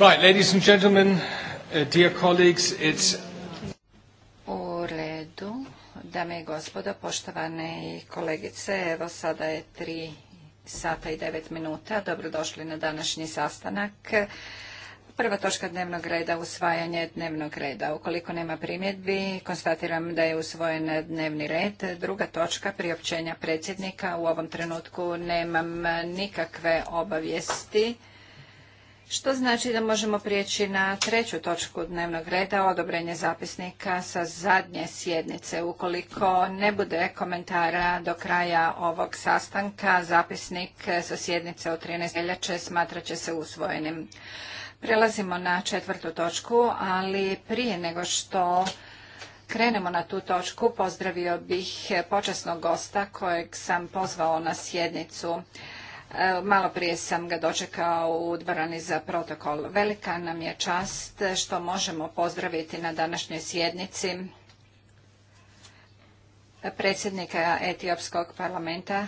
Right, ladies and gentlemen, uh, dear colleagues, U redu, dame i gospodo, poštovane i kolegice, evo sada je tri sata i devet minuta. Dobrodošli na današnji sastanak. Prva točka dnevnog reda usvajanje dnevnog reda. Ukoliko nema primjedbi, konstatiram da je usvojen dnevni red. Druga točka priopćenja predsjednika. U ovom trenutku nemam nikakve obavijesti što znači da možemo prijeći na treću točku dnevnog reda, odobrenje zapisnika sa zadnje sjednice. Ukoliko ne bude komentara do kraja ovog sastanka, zapisnik sa sjednice od 13. veljače smatrat će se usvojenim. Prelazimo na četvrtu točku, ali prije nego što krenemo na tu točku, pozdravio bih počasnog gosta kojeg sam pozvao na sjednicu. Malo prije sam ga dočekao u dvorani za protokol. Velika nam je čast što možemo pozdraviti na današnjoj sjednici predsjednika Etiopskog parlamenta, e,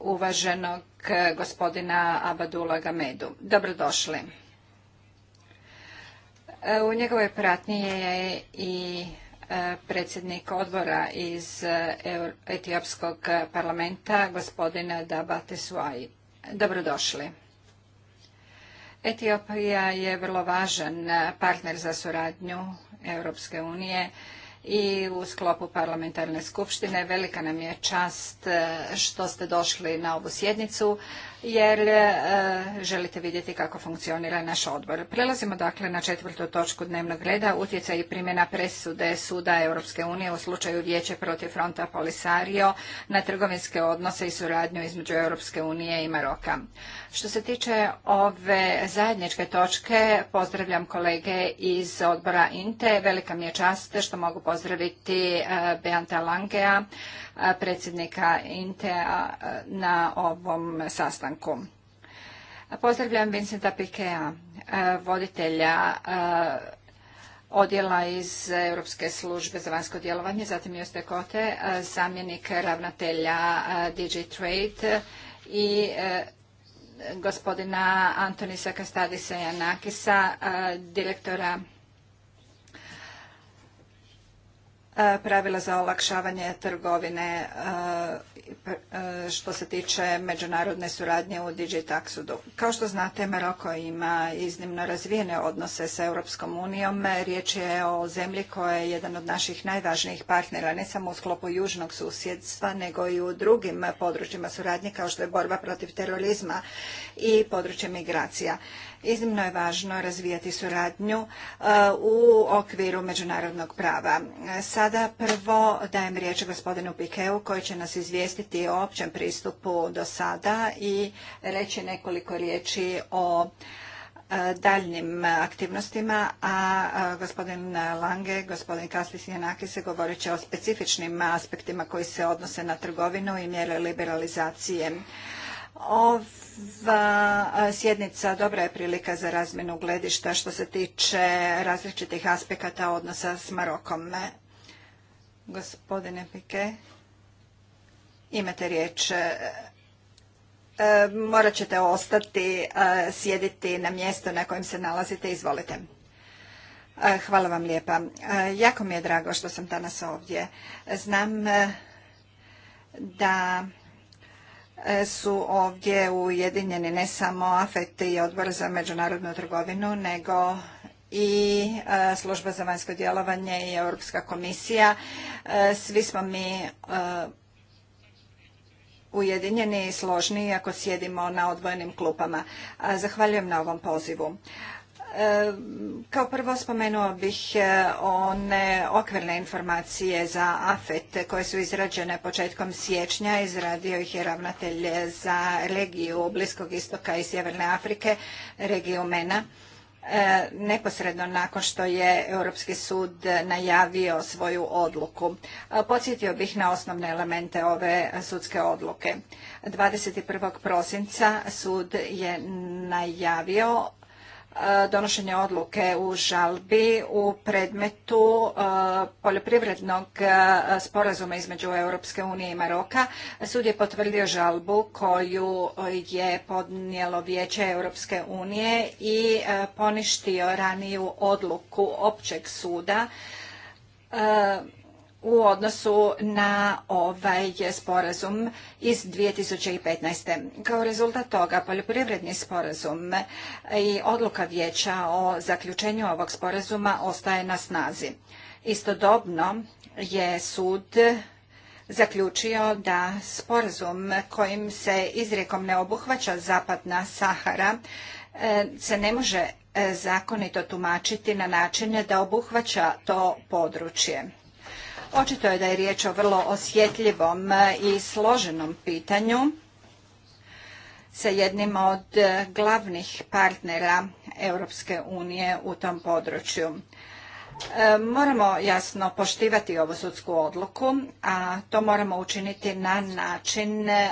uvaženog gospodina Abadula Gamedu. Dobrodošli. E, u njegovoj pratnji je i E, predsjednik odbora iz e, Etiopskog parlamenta, gospodina Dabate Dobrodošli. Etiopija je vrlo važan partner za suradnju Europske unije i u sklopu parlamentarne skupštine. Velika nam je čast e, što ste došli na ovu sjednicu jer e, želite vidjeti kako funkcionira naš odbor. Prelazimo dakle na četvrtu točku dnevnog reda, utjecaj i primjena presude Suda Europske unije u slučaju Vijeće protiv fronta Polisario na trgovinske odnose i suradnju između Europske unije i Maroka. Što se tiče ove zajedničke točke, pozdravljam kolege iz odbora INTE. Velika mi je čast što mogu pozdraviti e, Beanta Langea, e, predsjednika Intea na ovom sastanku. Pozdravljam Vincenta Pikea, e, voditelja odjela iz Europske službe za vanjsko djelovanje, zatim Joste Kote, zamjenik ravnatelja DigiTrade i gospodina Antonisa Kastadisa Janakisa, direktora E, pravila za olakšavanje trgovine e, e, što se tiče međunarodne suradnje u Digitaxudu. Kao što znate, Maroko ima iznimno razvijene odnose sa Europskom unijom. Riječ je o zemlji koja je jedan od naših najvažnijih partnera, ne samo u sklopu južnog susjedstva, nego i u drugim područjima suradnje, kao što je borba protiv terorizma i područje migracija. Iznimno je važno razvijati suradnju e, u okviru međunarodnog prava. Sada prvo dajem riječ gospodinu Pikeu koji će nas izvijestiti o općem pristupu do sada i reći nekoliko riječi o e, daljnim aktivnostima, a e, gospodin Lange, gospodin Kaslis i se govorit će o specifičnim aspektima koji se odnose na trgovinu i mjere liberalizacije ova sjednica dobra je prilika za razmjenu gledišta što se tiče različitih aspekata odnosa s Marokom. Gospodine Pike, imate riječ. E, e, morat ćete ostati, sjediti na mjesto na kojem se nalazite. Izvolite. E, hvala vam lijepa. Jako mi je drago što sam danas ovdje. Znam da E, su ovdje ujedinjeni ne samo AFET i odbor za međunarodnu trgovinu, nego i e, služba za vanjsko djelovanje i Europska komisija. E, svi smo mi ujedinjeni i složni ako sjedimo na odvojenim klupama. Zahvaljujem na ovom pozivu. E, kao prvo spomenuo bih e, one okvirne informacije za AFET koje su izrađene početkom siječnja. Izradio ih je ravnatelj za regiju Bliskog istoka i Sjeverne Afrike, regiju MENA. E, neposredno nakon što je Europski sud najavio svoju odluku. Podsjetio bih na osnovne elemente ove sudske odluke. 21. prosinca sud je najavio E, donošenje odluke u žalbi u predmetu e, poljoprivrednog e, sporazuma između Europske unije i Maroka. Sud je potvrdio žalbu koju je podnijelo Vijeće Europske unije i poništio raniju odluku općeg suda u odnosu na ovaj sporazum iz 2015. Kao rezultat toga poljoprivredni sporazum i odluka vijeća o zaključenju ovog sporazuma ostaje na snazi. Istodobno je sud zaključio da sporazum kojim se izrijekom ne obuhvaća zapadna Sahara e, se ne može e, zakonito tumačiti na način da obuhvaća to područje. Očito je da je riječ o vrlo osjetljivom i složenom pitanju sa jednim od glavnih partnera Europske unije u tom području. E, moramo jasno poštivati ovu sudsku odluku, a to moramo učiniti na način e,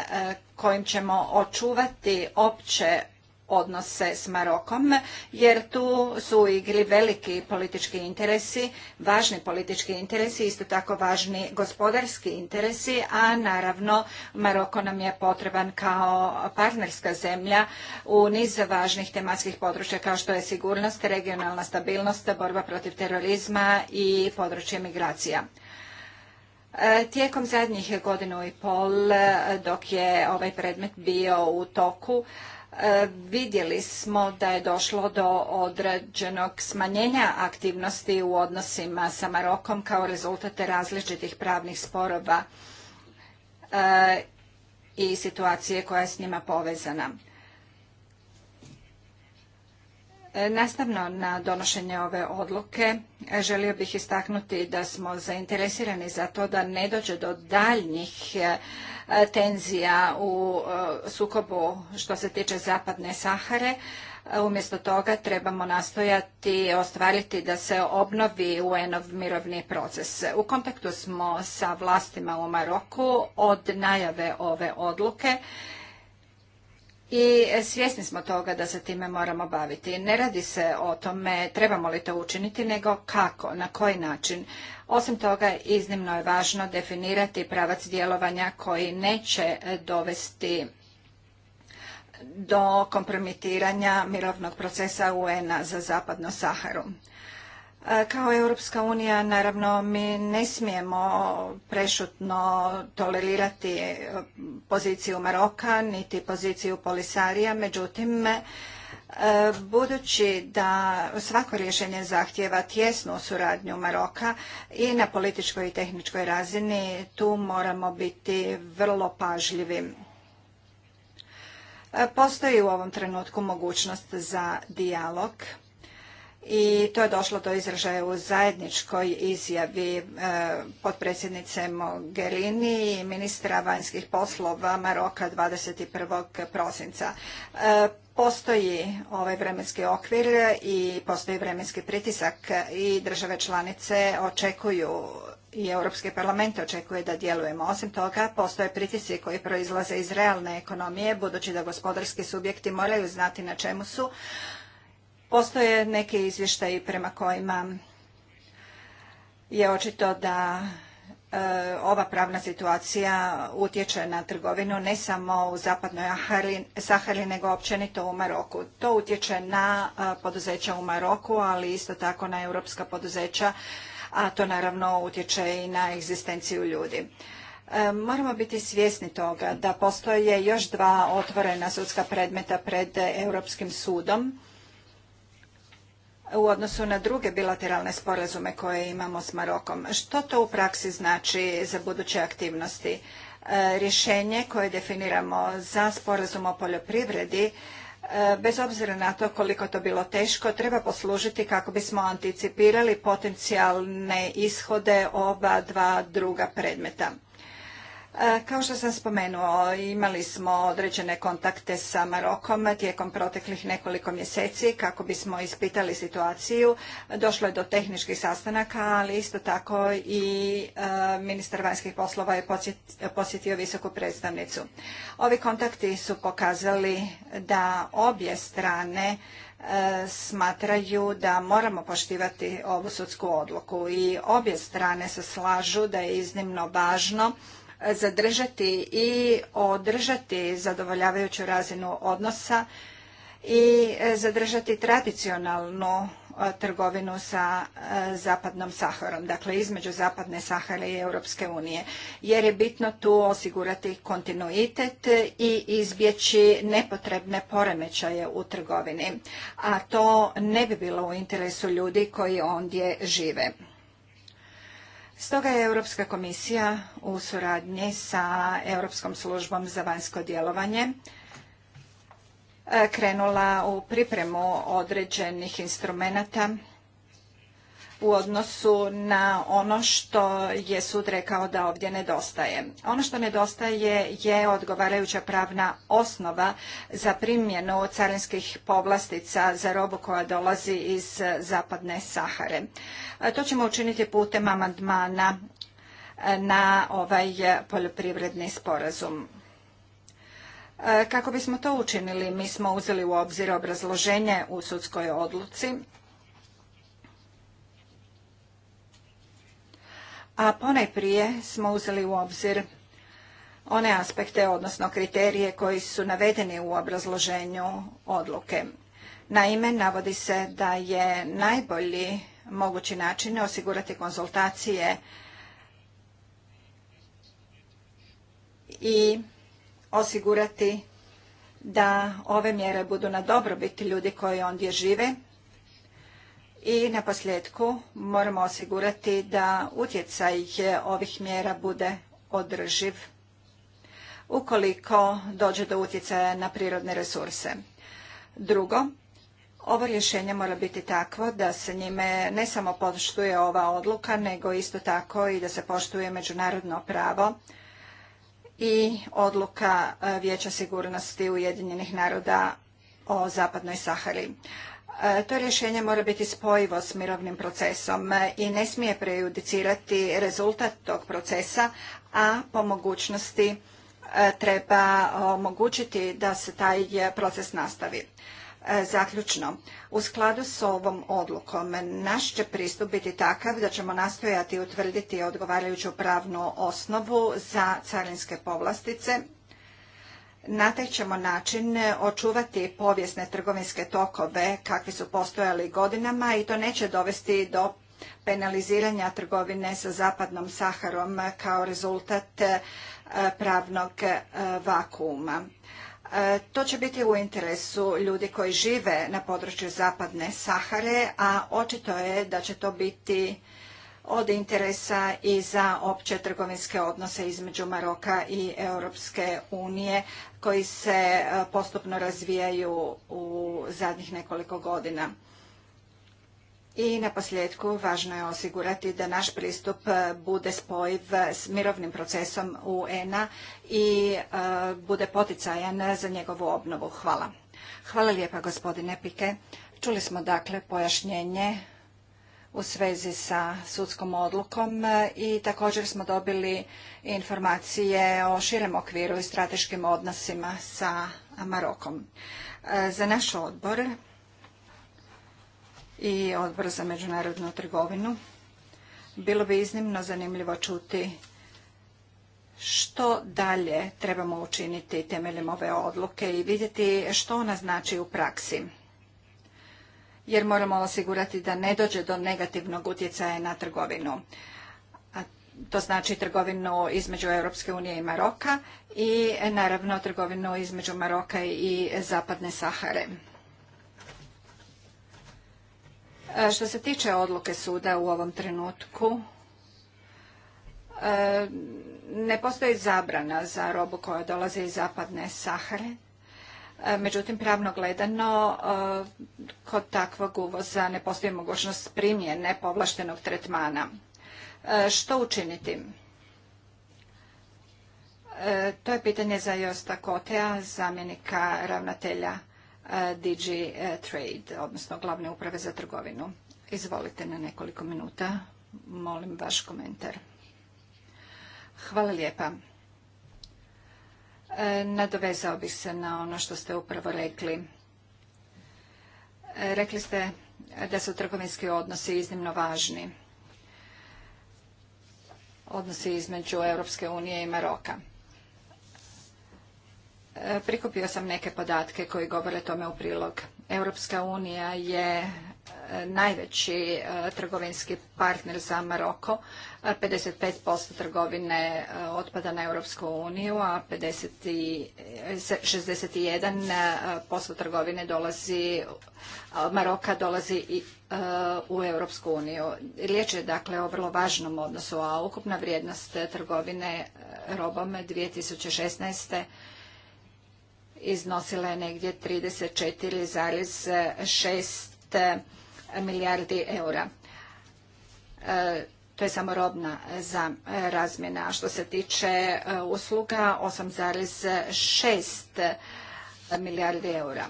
kojim ćemo očuvati opće odnose s Marokom, jer tu su u igri veliki politički interesi, važni politički interesi, isto tako važni gospodarski interesi, a naravno Maroko nam je potreban kao partnerska zemlja u niz važnih tematskih područja kao što je sigurnost, regionalna stabilnost, borba protiv terorizma i područje migracija. E, tijekom zadnjih godinu i pol, e, dok je ovaj predmet bio u toku, E, vidjeli smo da je došlo do određenog smanjenja aktivnosti u odnosima sa Marokom kao rezultate različitih pravnih sporova e, i situacije koja je s njima povezana. E, nastavno na donošenje ove odluke e, želio bih istaknuti da smo zainteresirani za to da ne dođe do daljnjih e, tenzija u sukobu što se tiče zapadne Sahare. Umjesto toga trebamo nastojati ostvariti da se obnovi UN-ov mirovni proces. U kontaktu smo sa vlastima u Maroku od najave ove odluke i svjesni smo toga da se time moramo baviti. Ne radi se o tome trebamo li to učiniti, nego kako, na koji način. Osim toga, iznimno je važno definirati pravac djelovanja koji neće dovesti do kompromitiranja mirovnog procesa UN-a za zapadnu Saharu. E, kao Europska unija, naravno, mi ne smijemo prešutno tolerirati e, poziciju Maroka, niti poziciju Polisarija, međutim, e, budući da svako rješenje zahtjeva tjesnu suradnju Maroka i na političkoj i tehničkoj razini, tu moramo biti vrlo pažljivi. Postoji u ovom trenutku mogućnost za dijalog i to je došlo do izražaja u zajedničkoj izjavi e, potpredsjednice Mogherini i ministra vanjskih poslova Maroka 21. prosinca. E, postoji ovaj vremenski okvir i postoji vremenski pritisak i države članice očekuju i Europski parlament očekuje da djelujemo. Osim toga, postoje pritisci koji proizlaze iz realne ekonomije, budući da gospodarski subjekti moraju znati na čemu su, Postoje neki izvještaji prema kojima je očito da e, ova pravna situacija utječe na trgovinu ne samo u zapadnoj Sahari nego općenito u Maroku. To utječe na e, poduzeća u Maroku, ali isto tako na europska poduzeća, a to naravno utječe i na egzistenciju ljudi. E, moramo biti svjesni toga da postoje još dva otvorena sudska predmeta pred Europskim sudom u odnosu na druge bilateralne sporazume koje imamo s Marokom. Što to u praksi znači za buduće aktivnosti? E, rješenje koje definiramo za sporazum o poljoprivredi e, bez obzira na to koliko to bilo teško, treba poslužiti kako bismo anticipirali potencijalne ishode oba dva druga predmeta. Kao što sam spomenuo, imali smo određene kontakte sa Marokom tijekom proteklih nekoliko mjeseci kako bismo ispitali situaciju. Došlo je do tehničkih sastanaka, ali isto tako i e, ministar vanjskih poslova je posjetio visoku predstavnicu. Ovi kontakti su pokazali da obje strane e, smatraju da moramo poštivati ovu sudsku odluku i obje strane se slažu da je iznimno važno zadržati i održati zadovoljavajuću razinu odnosa i zadržati tradicionalnu trgovinu sa zapadnom Saharom, dakle između zapadne Sahare i Europske unije, jer je bitno tu osigurati kontinuitet i izbjeći nepotrebne poremećaje u trgovini, a to ne bi bilo u interesu ljudi koji ondje žive. Stoga je Europska komisija u suradnji sa Europskom službom za vanjsko djelovanje e, krenula u pripremu određenih instrumenata u odnosu na ono što je sud rekao da ovdje nedostaje. Ono što nedostaje je odgovarajuća pravna osnova za primjenu carinskih povlastica za robu koja dolazi iz zapadne Sahare. To ćemo učiniti putem amandmana na ovaj poljoprivredni sporazum. E, kako bismo to učinili, mi smo uzeli u obzir obrazloženje u sudskoj odluci a ponajprije smo uzeli u obzir one aspekte, odnosno kriterije koji su navedeni u obrazloženju odluke. Naime, navodi se da je najbolji mogući način osigurati konzultacije i osigurati da ove mjere budu na dobrobiti ljudi koji ondje žive i na posljedku moramo osigurati da utjecaj ovih mjera bude održiv ukoliko dođe do utjecaja na prirodne resurse. Drugo, ovo rješenje mora biti takvo da se njime ne samo poštuje ova odluka, nego isto tako i da se poštuje međunarodno pravo i odluka Vijeća sigurnosti Ujedinjenih naroda o Zapadnoj Sahari. E, to rješenje mora biti spojivo s mirovnim procesom e, i ne smije prejudicirati rezultat tog procesa, a po mogućnosti e, treba omogućiti da se taj proces nastavi. Zaključno, u skladu s ovom odlukom naš će pristup biti takav da ćemo nastojati utvrditi odgovarajuću pravnu osnovu za carinske povlastice na taj ćemo način e, očuvati povijesne trgovinske tokove kakvi su postojali godinama i to neće dovesti do penaliziranja trgovine sa zapadnom Saharom kao rezultat e, pravnog e, vakuuma. To će biti u interesu ljudi koji žive na području zapadne Sahare, a očito je da će to biti od interesa i za opće trgovinske odnose između Maroka i Europske unije koji se e, postupno razvijaju u zadnjih nekoliko godina. I na posljedku važno je osigurati da naš pristup e, bude spojiv s mirovnim procesom UN-a i e, bude poticajan za njegovu obnovu. Hvala. Hvala lijepa gospodine Pike. Čuli smo dakle pojašnjenje u svezi sa sudskom odlukom e, i također smo dobili informacije o širem okviru i strateškim odnosima sa Marokom. E, za naš odbor i odbor za međunarodnu trgovinu bilo bi iznimno zanimljivo čuti što dalje trebamo učiniti temeljem ove odluke i vidjeti što ona znači u praksi jer moramo osigurati da ne dođe do negativnog utjecaja na trgovinu. to znači trgovinu između Europske unije i Maroka i naravno trgovinu između Maroka i Zapadne Sahare. E, što se tiče odluke suda u ovom trenutku, e, ne postoji zabrana za robu koja dolazi iz zapadne Sahare. E, međutim, pravno gledano, e, kod takvog uvoza ne postoji mogućnost primjene povlaštenog tretmana. E, što učiniti? To je pitanje za Josta Kotea, zamjenika ravnatelja DG Trade, odnosno glavne uprave za trgovinu. Izvolite na nekoliko minuta. Molim vaš komentar. Hvala lijepa. E, nadovezao bih se na ono što ste upravo rekli. E, rekli ste da su trgovinski odnosi iznimno važni. Odnosi između Europske unije i Maroka. E, prikupio sam neke podatke koji govore tome u prilog. Europska unija je E, najveći e, trgovinski partner za Maroko. 55% e, trgovine otpada na Europsku uniju, a 50 i, 61% trgovine dolazi, Maroka dolazi i u Europsku uniju. Riječ je dakle o vrlo važnom odnosu, a ukupna vrijednost trgovine robom 2016 iznosila je negdje 34,6 milijardi eura. E, to je samo robna za e, razmjena. Što se tiče e, usluga, 8,6 milijardi eura.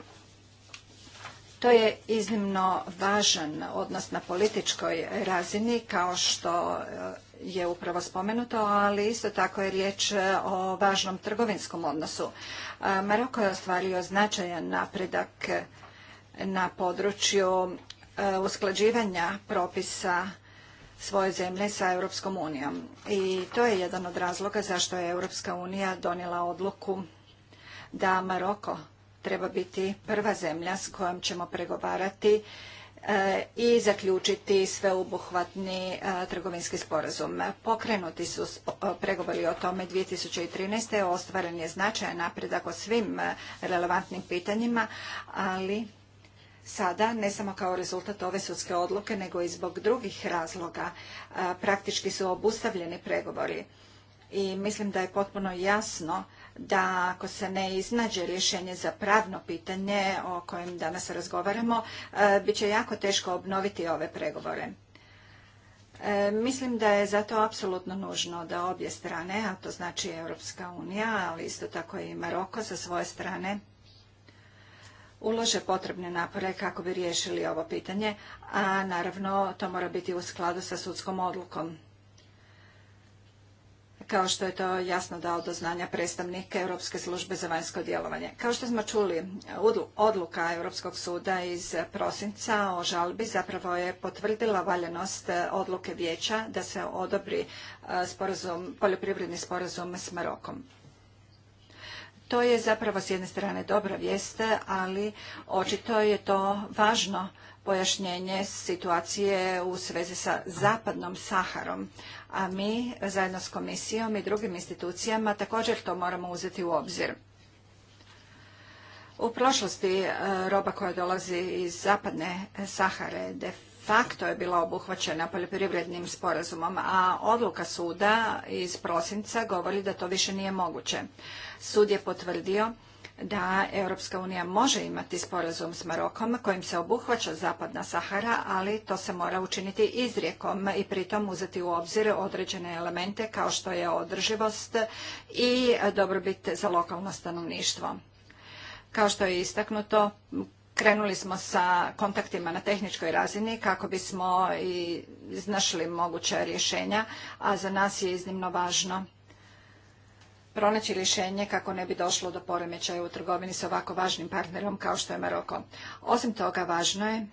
To je iznimno važan odnos na političkoj razini, kao što je upravo spomenuto, ali isto tako je riječ o važnom trgovinskom odnosu. Maroko je ostvario značajan napredak na području E, usklađivanja propisa svoje zemlje sa Europskom unijom. I to je jedan od razloga zašto je Europska unija donijela odluku da Maroko treba biti prva zemlja s kojom ćemo pregovarati e, i zaključiti sveobuhvatni e, trgovinski sporazum. Pokrenuti su pregovori o tome 2013. Ostvaren je značajan napredak o svim relevantnim pitanjima, ali sada, ne samo kao rezultat ove sudske odluke, nego i zbog drugih razloga, praktički su obustavljeni pregovori. I mislim da je potpuno jasno da ako se ne iznađe rješenje za pravno pitanje o kojem danas razgovaramo, bit će jako teško obnoviti ove pregovore. E, mislim da je zato apsolutno nužno da obje strane, a to znači Europska unija, ali isto tako i Maroko sa svoje strane, ulože potrebne napore kako bi riješili ovo pitanje, a naravno to mora biti u skladu sa sudskom odlukom. Kao što je to jasno dao do znanja predstavnik Europske službe za vanjsko djelovanje. Kao što smo čuli, odluka Europskog suda iz prosinca o žalbi zapravo je potvrdila valjanost e, odluke vijeća da se odobri e, sporazum, poljoprivredni sporazum s Marokom. To je zapravo s jedne strane dobra vijest, ali očito je to važno pojašnjenje situacije u svezi sa zapadnom Saharom. A mi zajedno s komisijom i drugim institucijama također to moramo uzeti u obzir. U prošlosti e, roba koja dolazi iz zapadne Sahare de facto je bila obuhvaćena poljoprivrednim sporazumom, a odluka suda iz prosinca govori da to više nije moguće. Sud je potvrdio da Europska unija može imati sporazum s Marokom kojim se obuhvaća zapadna Sahara, ali to se mora učiniti izrijekom i pritom uzeti u obzir određene elemente kao što je održivost i dobrobit za lokalno stanovništvo. Kao što je istaknuto, krenuli smo sa kontaktima na tehničkoj razini kako bismo i iznašli moguća rješenja, a za nas je iznimno važno pronaći rješenje kako ne bi došlo do poremećaja u trgovini s ovako važnim partnerom kao što je Maroko. Osim toga, važno je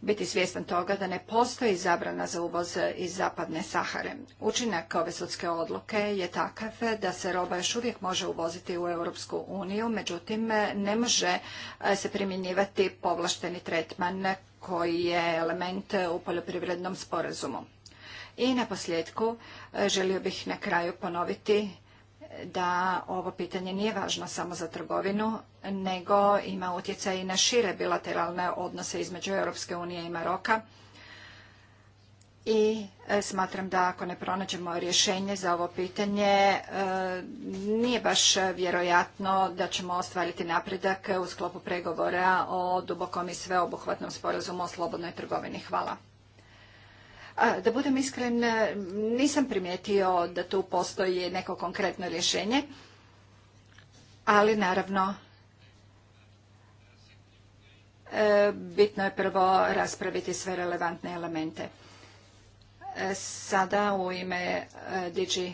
biti svjestan toga da ne postoji zabrana za uvoz iz zapadne Sahare. Učinak ove sudske odluke je takav da se roba još uvijek može uvoziti u Europsku uniju, međutim ne može eh, se primjenjivati povlašteni tretman koji je element u poljoprivrednom sporazumu. I na posljedku e, želio bih na kraju ponoviti e, da ovo pitanje nije važno samo za trgovinu, nego ima utjecaj i na šire bilateralne odnose između Europske unije i Maroka. I e, smatram da ako ne pronađemo rješenje za ovo pitanje, nije baš vjerojatno da ćemo ostvariti napredak u sklopu pregovora o dubokom i sveobuhvatnom sporazumu o slobodnoj trgovini. Hvala. Da budem iskren, nisam primijetio da tu postoji neko konkretno rješenje, ali naravno e, bitno je prvo raspraviti sve relevantne elemente. E, sada u ime e, Digi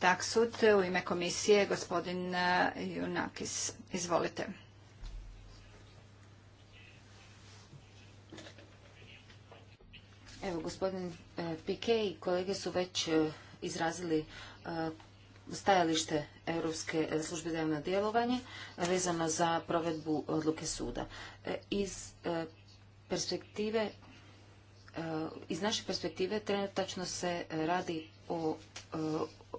Taksud, u ime komisije, gospodin Junakis. Izvolite. Evo, gospodin e, Pike i kolege su već e, izrazili e, stajalište Europske službe javno djelovanje vezano za provedbu odluke suda. Iz perspektive iz naše perspektive trenutačno se radi o,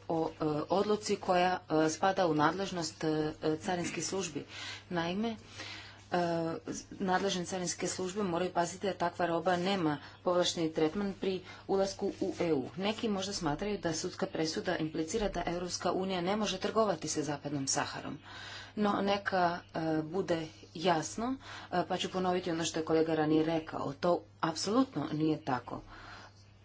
o odluci koja spada u nadležnost carinskih službi. Naime, E, nadležne carinske službe moraju paziti da takva roba nema povlašteni tretman pri ulasku u EU. Neki možda smatraju da sudska presuda implicira da Europska unija ne može trgovati sa zapadnom Saharom. No neka e, bude jasno, e, pa ću ponoviti ono što je kolega ranije rekao. To apsolutno nije tako.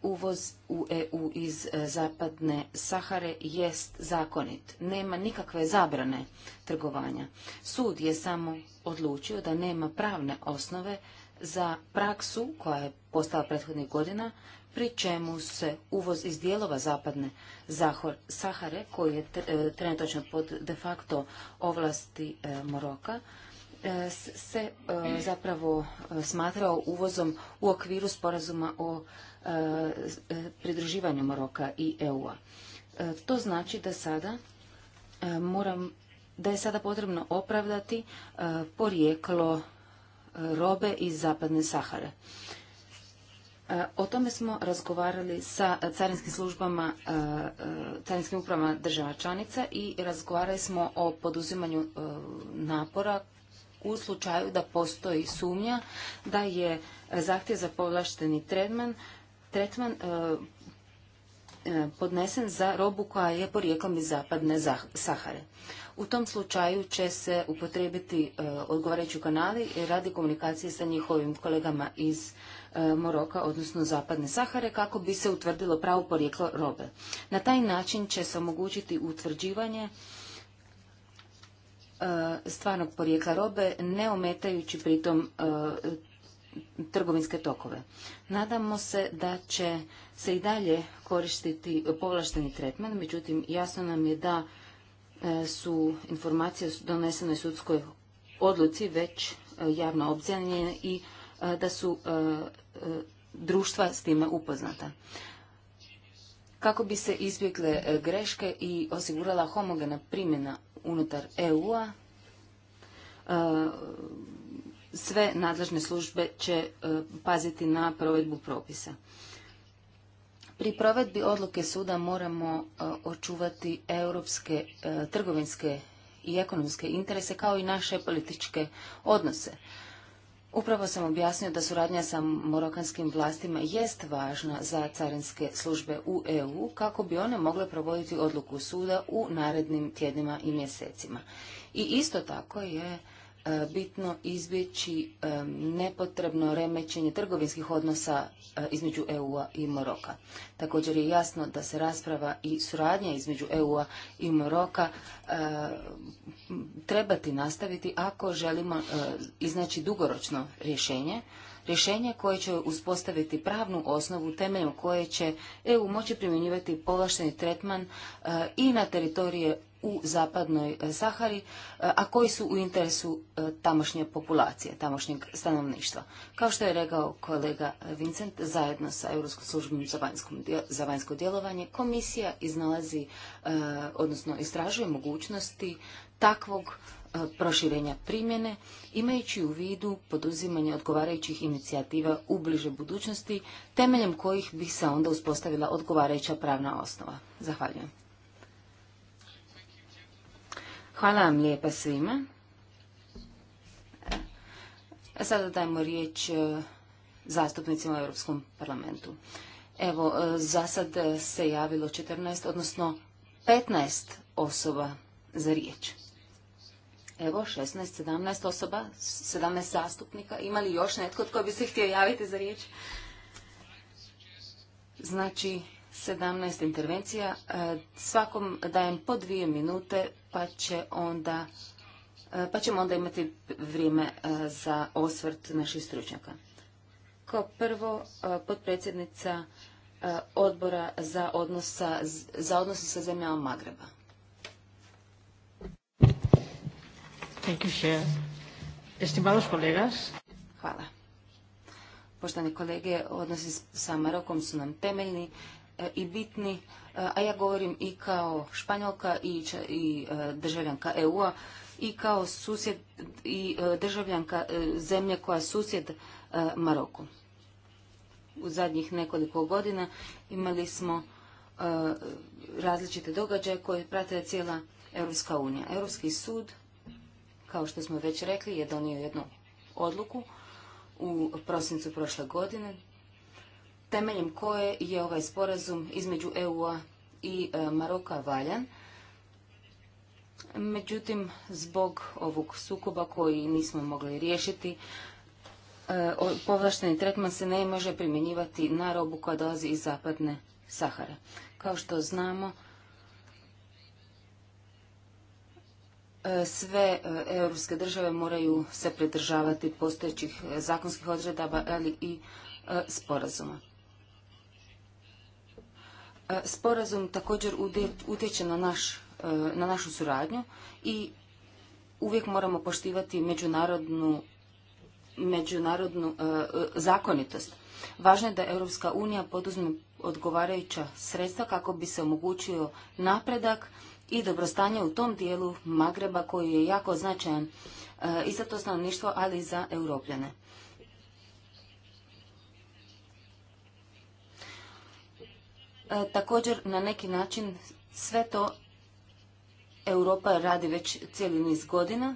Uvoz u EU iz zapadne Sahare jest zakonit. Nema nikakve zabrane trgovanja. Sud je samo odlučio da nema pravne osnove za praksu koja je postala prethodnih godina, pri čemu se uvoz iz dijelova zapadne Sahare, koji je e, trenutno pod de facto ovlasti e, Moroka, e, se zapravo smatrao uvozom u okviru sporazuma o pridruživanju Moroka i EU-a. To znači da sada moram da je sada potrebno opravdati e, porijeklo e, robe iz zapadne Sahare. E, o tome smo razgovarali sa carinskim službama, carinskim upravama država članica i razgovarali smo o poduzimanju napora u slučaju da postoji sumnja da je zahtjev za povlašteni tretman, tretman podnesen za robu koja je porijeklom iz zapadne Sahare. U tom slučaju će se upotrebiti e, odgovarajući kanali radi komunikacije sa njihovim kolegama iz e, Moroka, odnosno Zapadne Sahare, kako bi se utvrdilo pravo porijeklo robe. Na taj način će se omogućiti utvrđivanje e, stvarnog porijekla robe, ne ometajući pritom trgovinske tokove. Nadamo se da će se i dalje koristiti povlašteni tretman, međutim jasno nam je da E, su informacije donesene sudskoj odluci već e, javno objavljene i e, da su društva s time upoznata. Kako bi se izbjegle greške i osigurala homogena primjena unutar EU-a, sve nadležne službe će paziti na provedbu propisa. Pri provedbi odluke suda moramo eh, očuvati europske eh, trgovinske i ekonomske interese kao i naše političke odnose. Upravo sam objasnio da suradnja sa morokanskim vlastima jest važna za carinske službe u EU kako bi one mogle provoditi odluku suda u narednim tjednima i mjesecima. I isto tako je E, bitno izbjeći e, nepotrebno remećenje trgovinskih odnosa e, između EU-a i Moroka. Također je jasno da se rasprava i suradnja između EU-a i Moroka trebati nastaviti ako želimo iznaći dugoročno rješenje rješenje koje će uspostaviti pravnu osnovu temeljem koje će EU moći primjenjivati povlašteni tretman e, i na teritorije u zapadnoj e, Sahari, e, a koji su u interesu tamošnje populacije, tamošnjeg stanovništva. Kao što je rekao kolega Vincent, zajedno sa Europskom službom za, za vanjsko djelovanje, komisija iznalazi, odnosno istražuje mogućnosti takvog proširenja primjene, imajući u vidu poduzimanje odgovarajućih inicijativa u bliže budućnosti, temeljem kojih bi se onda uspostavila odgovarajuća pravna osnova. Zahvaljujem. Hvala vam lijepa svima. Sada dajemo riječ e, zastupnicima u Europskom parlamentu. Evo, e, za sad se javilo 14, odnosno 15 osoba za riječ. Evo, 16, 17 osoba, 17 zastupnika. Ima li još netko tko bi se htio javiti za riječ? Znači, 17 intervencija. E, svakom dajem po dvije minute, pa će onda e, pa ćemo onda imati vrijeme e, za osvrt naših stručnjaka. Kao prvo, potpredsjednica odbora za, za odnose sa zemljama Magreba. Thank you, Chair. Estimados Hvala. Poštani kolege, odnosi sa Marokom su nam temeljni e, i bitni, e, a ja govorim i kao španjolka i, i e, državljanka EU-a i kao susjed i državljanka zemlje koja susjed Maroku. U zadnjih nekoliko godina imali smo različite događaje koje prate cijela Europska unija. Europski sud kao što smo već rekli, je donio jednu odluku u prosincu prošle godine, temeljem koje je ovaj sporazum između EU-a i e, Maroka valjan. Međutim, zbog ovog sukoba koji nismo mogli riješiti, e, povlašteni tretman se ne može primjenjivati na robu koja dolazi iz zapadne Sahare. Kao što znamo, E, sve e, europske države moraju se pridržavati postojećih zakonskih odredaba ali i e, sporazuma. Sporazum također utječe na, naš, na našu suradnju i uvijek moramo poštivati međunarodnu, međunarodnu zakonitost. Važno je da Europska unija poduzme odgovarajuća sredstva kako bi se omogućio napredak i dobrostanje u tom dijelu Magreba koji je jako značajan e, i za to stanovništvo, ali i za europljane. E, također, na neki način, sve to Europa radi već cijeli niz godina.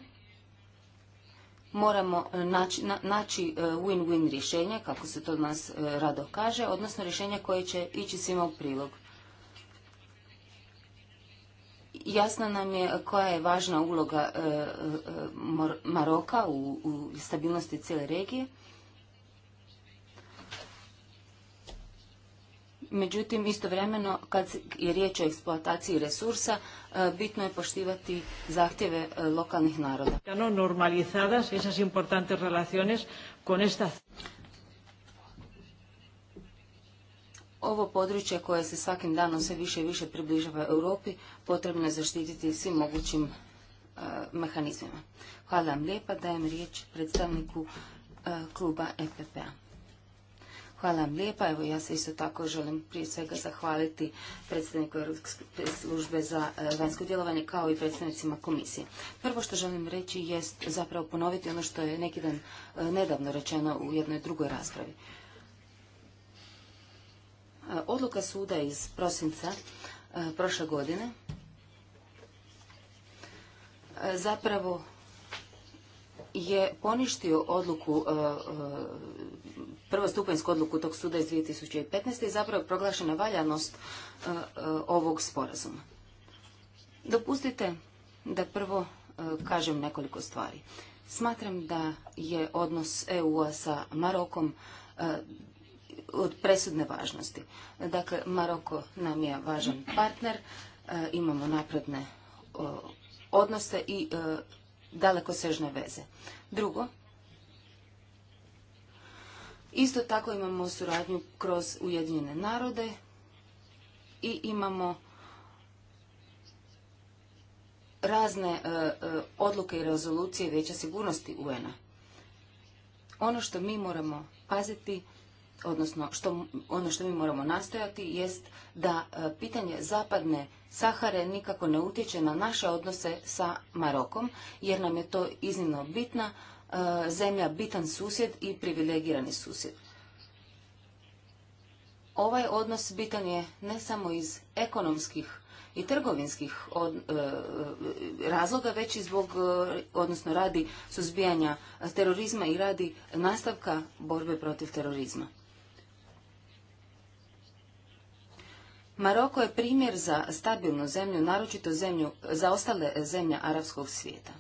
Moramo naći e, win-win rješenja, kako se to od nas rado kaže, odnosno rješenje koje će ići svima u prilog. Jasno nam je koja je važna uloga e, e, Maroka u stabilnosti cijele regije. Međutim, istovremeno, kad je riječ o eksploataciji resursa, e, bitno je poštivati zahtjeve lokalnih naroda. Ovo područje koje se svakim danom sve više i više približava Europi potrebno je zaštititi svim mogućim e, mehanizmima. Hvala vam lijepa, dajem riječ predstavniku e, kluba EPP-a. Hvala vam lijepa. Evo ja se isto tako želim prije svega zahvaliti predstavniku Europske službe za e, vanjsko djelovanje kao i predstavnicima komisije. Prvo što želim reći jest zapravo ponoviti ono što je neki dan nedavno rečeno u jednoj drugoj raspravi. E, odluka suda iz prosinca e, prošle godine e, zapravo je poništio odluku, prvostupanjsku odluku tog suda iz 2015. i zapravo je proglašena valjanost ovog sporazuma. Dopustite da prvo kažem nekoliko stvari. Smatram da je odnos EU-a sa Marokom od presudne važnosti. Dakle, Maroko nam je važan partner, e, imamo napredne odnose i e, daleko sežne veze. Drugo, isto tako imamo suradnju kroz Ujedinjene narode i imamo razne e, odluke i rezolucije Vijeća sigurnosti UN-a. Ono što mi moramo paziti odnosno što, ono što mi moramo nastojati jest da e, pitanje zapadne Sahare nikako ne utječe na naše odnose sa Marokom, jer nam je to iznimno bitna e, zemlja, bitan susjed i privilegirani susjed. Ovaj odnos bitan je ne samo iz ekonomskih i trgovinskih e, razloga, već i zbog, odnosno radi suzbijanja terorizma i radi nastavka borbe protiv terorizma. Maroko je primjer za stabilnu zemlju, naročito zemlju, za ostale zemlje arapskog svijeta.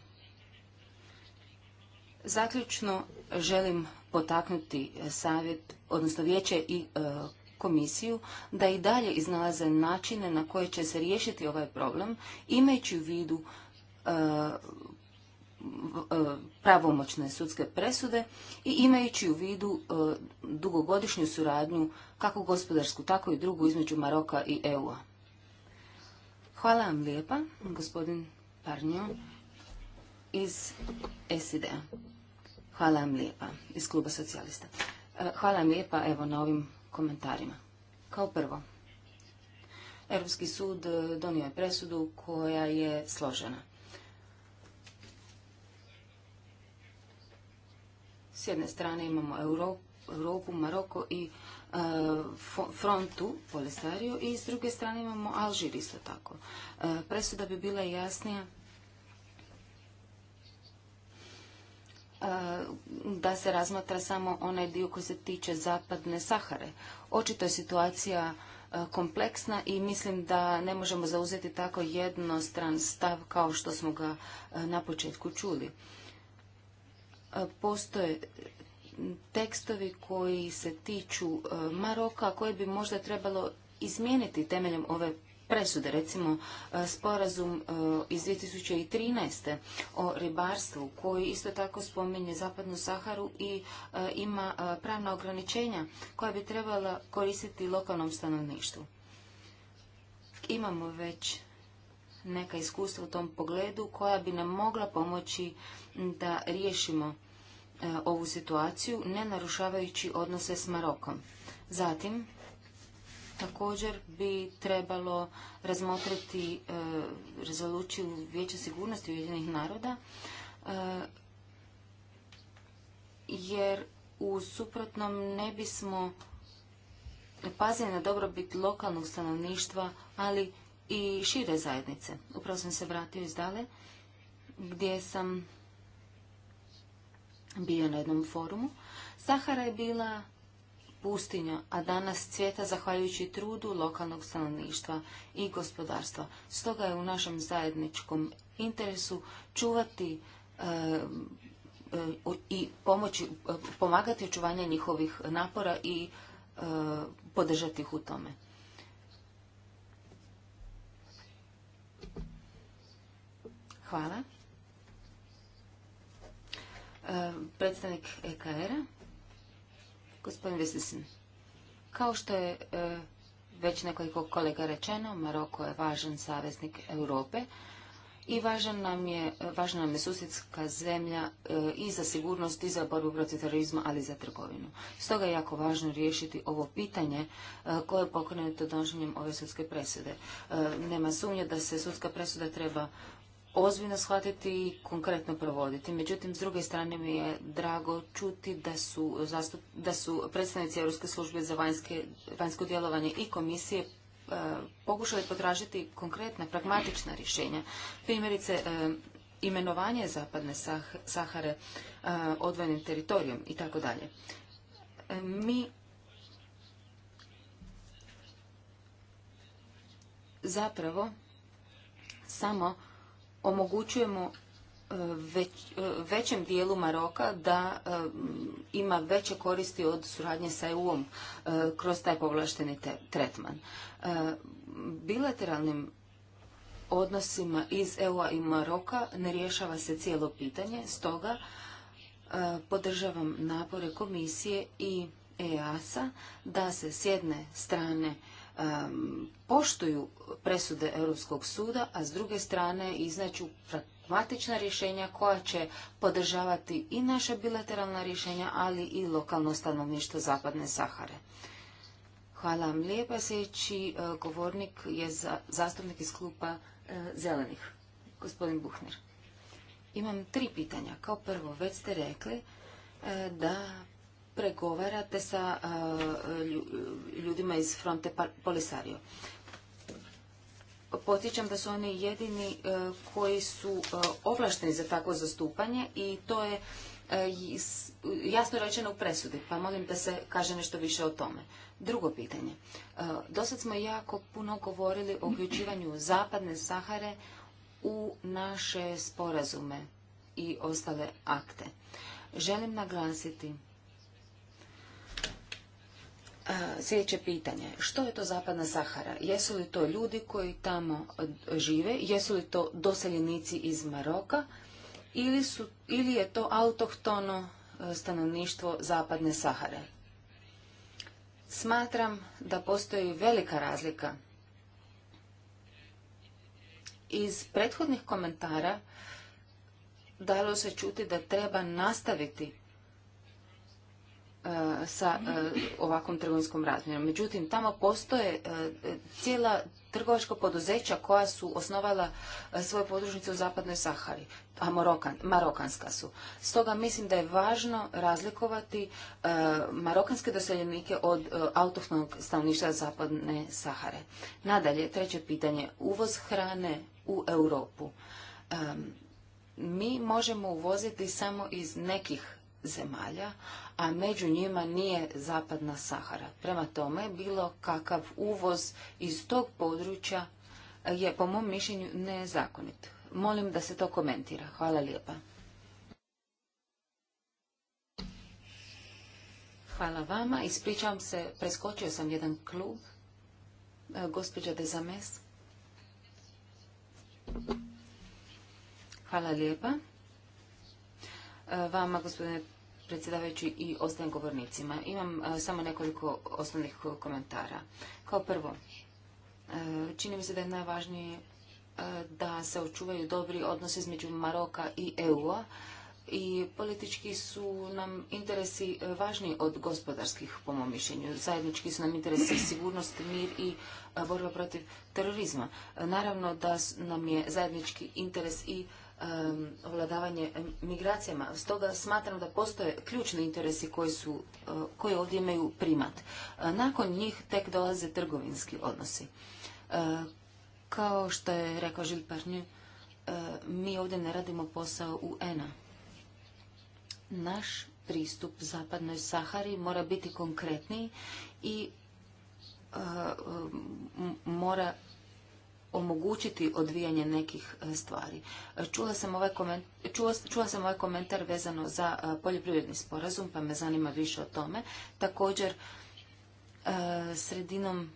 Zaključno želim potaknuti savjet, odnosno vijeće i e, komisiju da i dalje iznalaze načine na koje će se riješiti ovaj problem, imajući u vidu e, E, pravomoćne sudske presude i imajući u vidu e, dugogodišnju suradnju kako gospodarsku, tako i drugu između Maroka i EU-a. Hvala vam lijepa, gospodin Parnio iz SID-a. Hvala vam lijepa, iz kluba socijalista. E, hvala vam lijepa evo, na ovim komentarima. Kao prvo, Europski sud donio je presudu koja je složena S jedne strane imamo Europu, Maroko i e, frontu Polestariju i s druge strane imamo Alžir isto tako. E, presuda bi bila jasnija e, da se razmatra samo onaj dio koji se tiče zapadne Sahare. Očito je situacija kompleksna i mislim da ne možemo zauzeti tako jednostran stav kao što smo ga na početku čuli postoje tekstovi koji se tiču e, Maroka koje bi možda trebalo izmijeniti temeljem ove presude, recimo e, sporazum e, iz 2013. o ribarstvu koji isto tako spominje Zapadnu Saharu i ima pravna ograničenja koja bi trebala koristiti lokalnom stanovništvu. Imamo već neka iskustva u tom pogledu koja bi nam mogla pomoći da riješimo e, ovu situaciju ne narušavajući odnose s Marokom. Zatim, također bi trebalo razmotriti e, rezoluciju Vijeća sigurnosti Ujedinjenih naroda e, jer u suprotnom ne bismo pazili na dobrobit lokalnog stanovništva, ali i šire zajednice. Upravo sam se vratio iz Dale, gdje sam bio na jednom forumu. Sahara je bila pustinja, a danas cvjeta zahvaljujući trudu lokalnog stanovništva i gospodarstva. Stoga je u našem zajedničkom interesu čuvati e, e, i pomoći, pomagati očuvanje njihovih napora i e, podržati ih u tome. Hvala. E, predstavnik EKR-a, gospodin Veslisin. Kao što je e, već nekoliko kolega rečeno, Maroko je važan saveznik Europe i nam je, važna nam je susjedska zemlja e, i za sigurnost i za borbu protiv terorizma, ali i za trgovinu. Stoga je jako važno riješiti ovo pitanje koje je pokrenuto donošenjem ove sudske presude. Nema sumnje da se sudska presuda treba ozbiljno shvatiti i konkretno provoditi. Međutim, s druge strane mi je drago čuti da su, da su predstavnici Europske službe za vanjske, vanjsko djelovanje i komisije e, pokušali potražiti konkretna, pragmatična rješenja. Primjerice, e, imenovanje Zapadne Sahare e, odvojenim teritorijom i tako dalje. E, mi zapravo samo omogućujemo e, e, većem dijelu Maroka da e, ima veće koristi od suradnje sa EU-om kroz taj povlašteni tretman. Bilateralnim odnosima iz EU-a i Maroka ne rješava se cijelo pitanje, stoga podržavam napore komisije i EASA da se s jedne strane um, poštuju presude Europskog suda, a s druge strane iznaću pragmatična rješenja koja će podržavati i naša bilateralna rješenja, ali i lokalno stanovništvo Zapadne Sahare. Hvala vam lijepa. Sljedeći eh, govornik je za, zastupnik iz klupa eh, Zelenih, gospodin Buhner. Imam tri pitanja. Kao prvo, već ste rekli eh, da pregovarate sa e, ljudima iz fronte pa-, Polisario. Podsjećam da su oni jedini e, koji su e, ovlašteni za takvo zastupanje i to je jasno rečeno u presudi, pa molim da se kaže nešto više o tome. Drugo pitanje. Dosad smo jako puno govorili o uključivanju Zapadne Sahare u naše sporazume i ostale akte. Želim naglasiti Sljedeće pitanje, što je to Zapadna Sahara? Jesu li to ljudi koji tamo žive? Jesu li to doseljenici iz Maroka? Ili, su, ili je to autohtono e, stanovništvo Zapadne Sahare? Smatram da postoji velika razlika. Iz prethodnih komentara dalo se čuti da treba nastaviti E, sa e, ovakvom trgovinskom razmjerom. Međutim, tamo postoje e, cijela trgovačka poduzeća koja su osnovala svoje podružnice u Zapadnoj Sahari, a marokanska su. Stoga mislim da je važno razlikovati marokanske doseljenike od autohtonog stanovništva Zapadne Sahare. Nadalje, treće pitanje, uvoz hrane u Europu. Mi možemo uvoziti samo iz nekih zemalja, a među njima nije zapadna Sahara. Prema tome, bilo kakav uvoz iz tog područja je po mom mišljenju nezakonit. Molim da se to komentira. Hvala lijepa. Hvala vama. Ispričavam se, preskočio sam jedan klub. E, gospođa Dezames. Hvala lijepa. E, vama, gospodine predsjedavajući i ostalim govornicima. Imam e, samo nekoliko osnovnih komentara. Kao prvo, e, čini mi se da je najvažnije da se očuvaju dobri odnosi između Maroka i EU-a i politički su nam interesi važniji od gospodarskih, po mom mišljenju. Zajednički su nam interesi sigurnost, mir i borba protiv terorizma. Naravno da nam je zajednički interes i vlada rješavanje eh, migracijama. Stoga smatram da postoje ključni interesi koji, eh, ovdje imaju primat. Eh, nakon njih tek dolaze trgovinski odnosi. Kao što je rekao Žil Parnju, mi ovdje ne radimo posao u ENA. Naš pristup zapadnoj Sahari mora biti konkretniji i mora omogućiti odvijanje nekih e, stvari. E, ovaj čula sam ovaj komentar, čula, sam komentar vezano za e, poljoprivredni sporazum, pa me zanima više o tome. Također, sredinom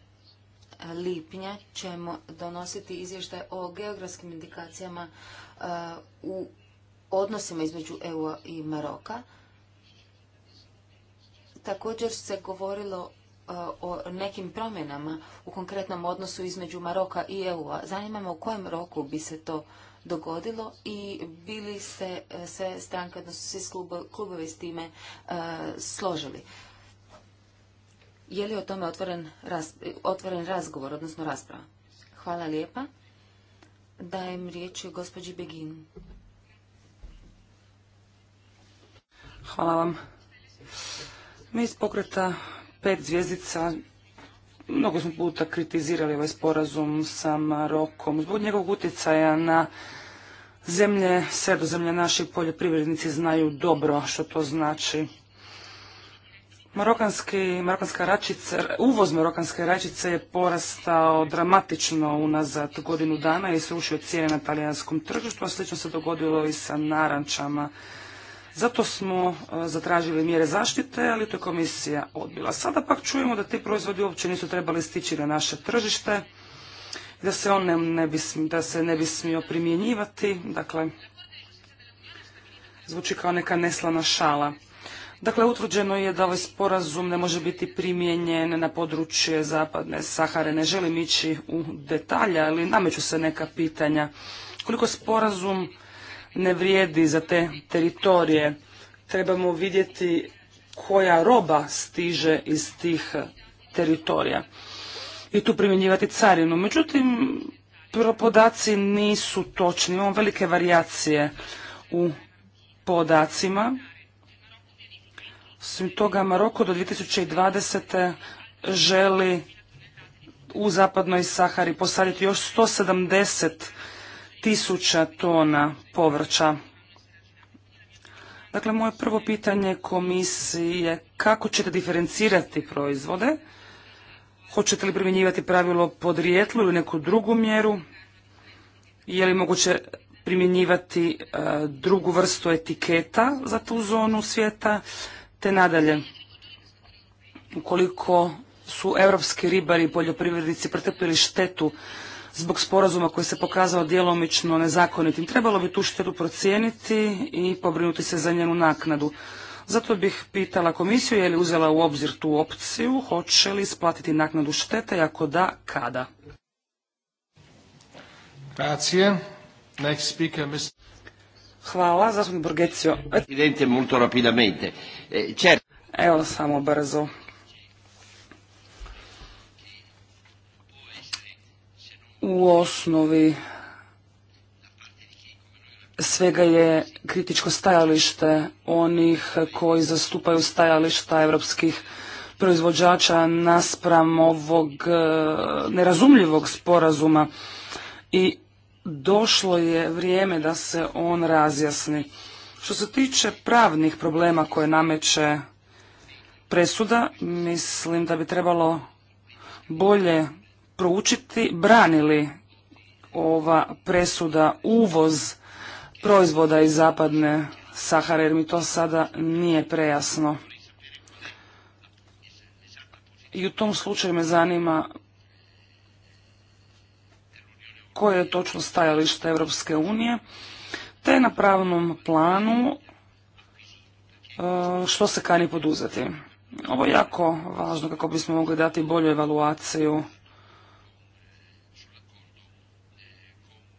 lipnja ćemo donositi izvještaj o geografskim indikacijama u odnosima između EU i Maroka. Također se govorilo o nekim promjenama u konkretnom odnosu između Maroka i EU-a. Zanima me u kojem roku bi se to dogodilo i bili se e, sve stranke, odnosno svi klubovi s time e, složili. Je li o tome otvoren, razgovor, odnosno rasprava? Hvala lijepa. Dajem riječ gospođi Begin. Hvala vam. Mi iz pokreta pet zvjezdica. Mnogo smo puta kritizirali ovaj sporazum sa Marokom zbog njegovog utjecaja na zemlje, sredozemlje naših poljoprivrednici znaju dobro što to znači. Marokanski, marokanska račica, uvoz marokanske račice je porastao dramatično unazad godinu dana i srušio cijene na talijanskom tržištu, a slično se dogodilo i sa narančama. Zato smo e, zatražili mjere zaštite, ali to je komisija odbila. Sada pak čujemo da ti proizvodi uopće nisu trebali stići na naše tržište, da se on ne, ne bi, da se ne bi smio primjenjivati, dakle, zvuči kao neka neslana šala. Dakle, utvrđeno je da ovaj sporazum ne može biti primijenjen na područje zapadne Sahare. Ne želim ići u detalje, ali nameću se neka pitanja. Koliko sporazum ne vrijedi za te teritorije. Trebamo vidjeti koja roba stiže iz tih teritorija i tu primjenjivati carinu. Međutim, podaci nisu točni, imamo velike varijacije u podacima. Svim toga, Maroko do 2020. želi u zapadnoj Sahari posaditi još 170 tisuća tona povrća. Dakle, moje prvo pitanje komisiji je kako ćete diferencirati proizvode? Hoćete li primjenjivati pravilo podrijetlu ili neku drugu mjeru? Je li moguće primjenjivati e, drugu vrstu etiketa za tu zonu svijeta? Te nadalje, ukoliko su europski ribari i poljoprivrednici pretrpili štetu zbog sporazuma koji se pokazao djelomično nezakonitim. Trebalo bi tu štetu procijeniti i pobrinuti se za njenu naknadu. Zato bih pitala komisiju je li uzela u obzir tu opciju, hoće li isplatiti naknadu štete, ako da, kada? Grazie. Next speaker, Mr. Hvala, zastupnik Borgecio. Eh, Evo samo brzo. u osnovi svega je kritičko stajalište onih koji zastupaju stajališta evropskih proizvođača naspram ovog e, nerazumljivog sporazuma i došlo je vrijeme da se on razjasni. Što se tiče pravnih problema koje nameće presuda, mislim da bi trebalo bolje proučiti branili ova presuda uvoz proizvoda iz zapadne Sahare, jer mi to sada nije prejasno. I u tom slučaju me zanima koje je točno stajalište Europske unije, te na pravnom planu e, što se kani poduzeti. Ovo je jako važno kako bismo mogli dati bolju evaluaciju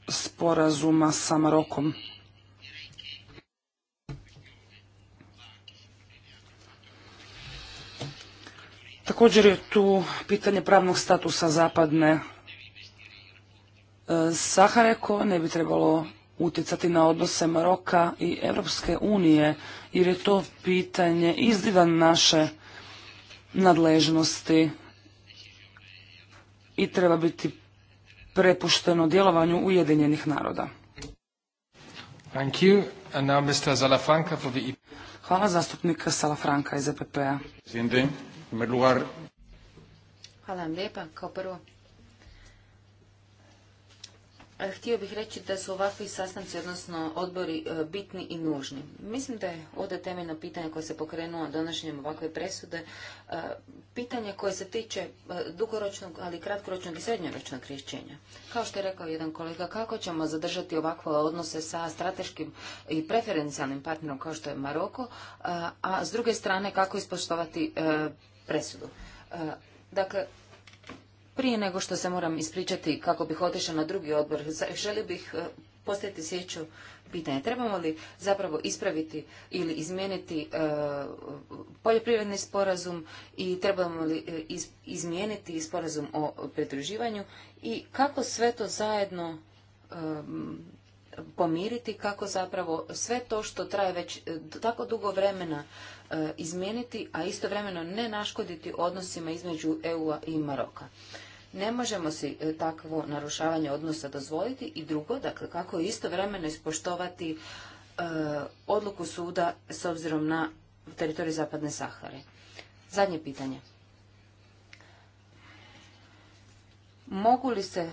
sporazuma sa Marokom. Također je tu pitanje pravnog statusa zapadne e, Sahareko ne bi trebalo utjecati na odnose Maroka i Europske unije jer je to pitanje izdivan naše nadležnosti i treba biti prepušteno djelovanju Ujedinjenih naroda. Thank you. Mr. the... E Hvala zastupnika Salafranka iz EPP-a. Hvala vam lijepa. Kao prvo, E, htio bih reći da su ovakvi sastanci, odnosno odbori, e, bitni i nužni. Mislim da je ovdje temeljno pitanje koje se pokrenulo donošenjem ovakve presude, e, pitanje koje se tiče dugoročnog, ali kratkoročnog i srednjoročnog rješenja. Kao što je rekao jedan kolega, kako ćemo zadržati ovakve odnose sa strateškim i preferencijalnim partnerom kao što je Maroko, a s druge strane kako ispoštovati presudu. Dakle, prije nego što se moram ispričati kako bih otišla na drugi odbor, želio bih e, postaviti sjeću pitanje. Trebamo li zapravo ispraviti ili izmijeniti e, poljoprivredni sporazum i trebamo li e, izmijeniti sporazum o pridruživanju i kako sve to zajedno pomiriti, kako zapravo sve to što traje već tako dugo vremena izmijeniti, a istovremeno ne naškoditi odnosima između EU-a i Maroka. Ne možemo si e, takvo narušavanje odnosa dozvoliti i drugo, dakle, kako istovremeno ispoštovati e, odluku suda s obzirom na teritorij Zapadne Sahare. Zadnje pitanje. Mogu li se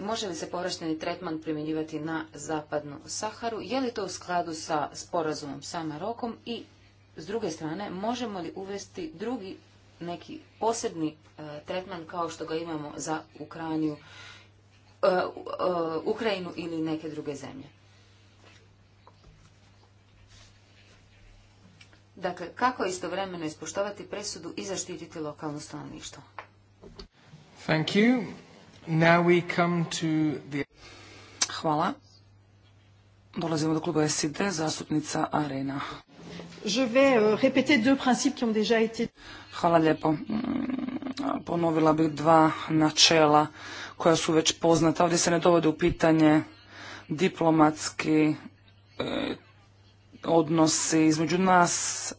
može li se povlašteni tretman primjenjivati na zapadnu Saharu? Je li to u skladu sa sporazumom sa Marokom? I s druge strane, možemo li uvesti drugi neki posebni e, tretman kao što ga imamo za Ukrajinu, e, e, Ukrajinu ili neke druge zemlje. Dakle, kako istovremeno ispoštovati presudu i zaštititi lokalno stanovništvo? Thank you. Now we come to the... Hvala. Dolazimo do kluba SID, zastupnica Arena. Je vais euh, répéter deux principes qui ont déjà été... Hvala lijepo. Mm, ponovila bih dva načela koja su već poznata. Ovdje se ne dovode u pitanje diplomatski e, odnosi između nas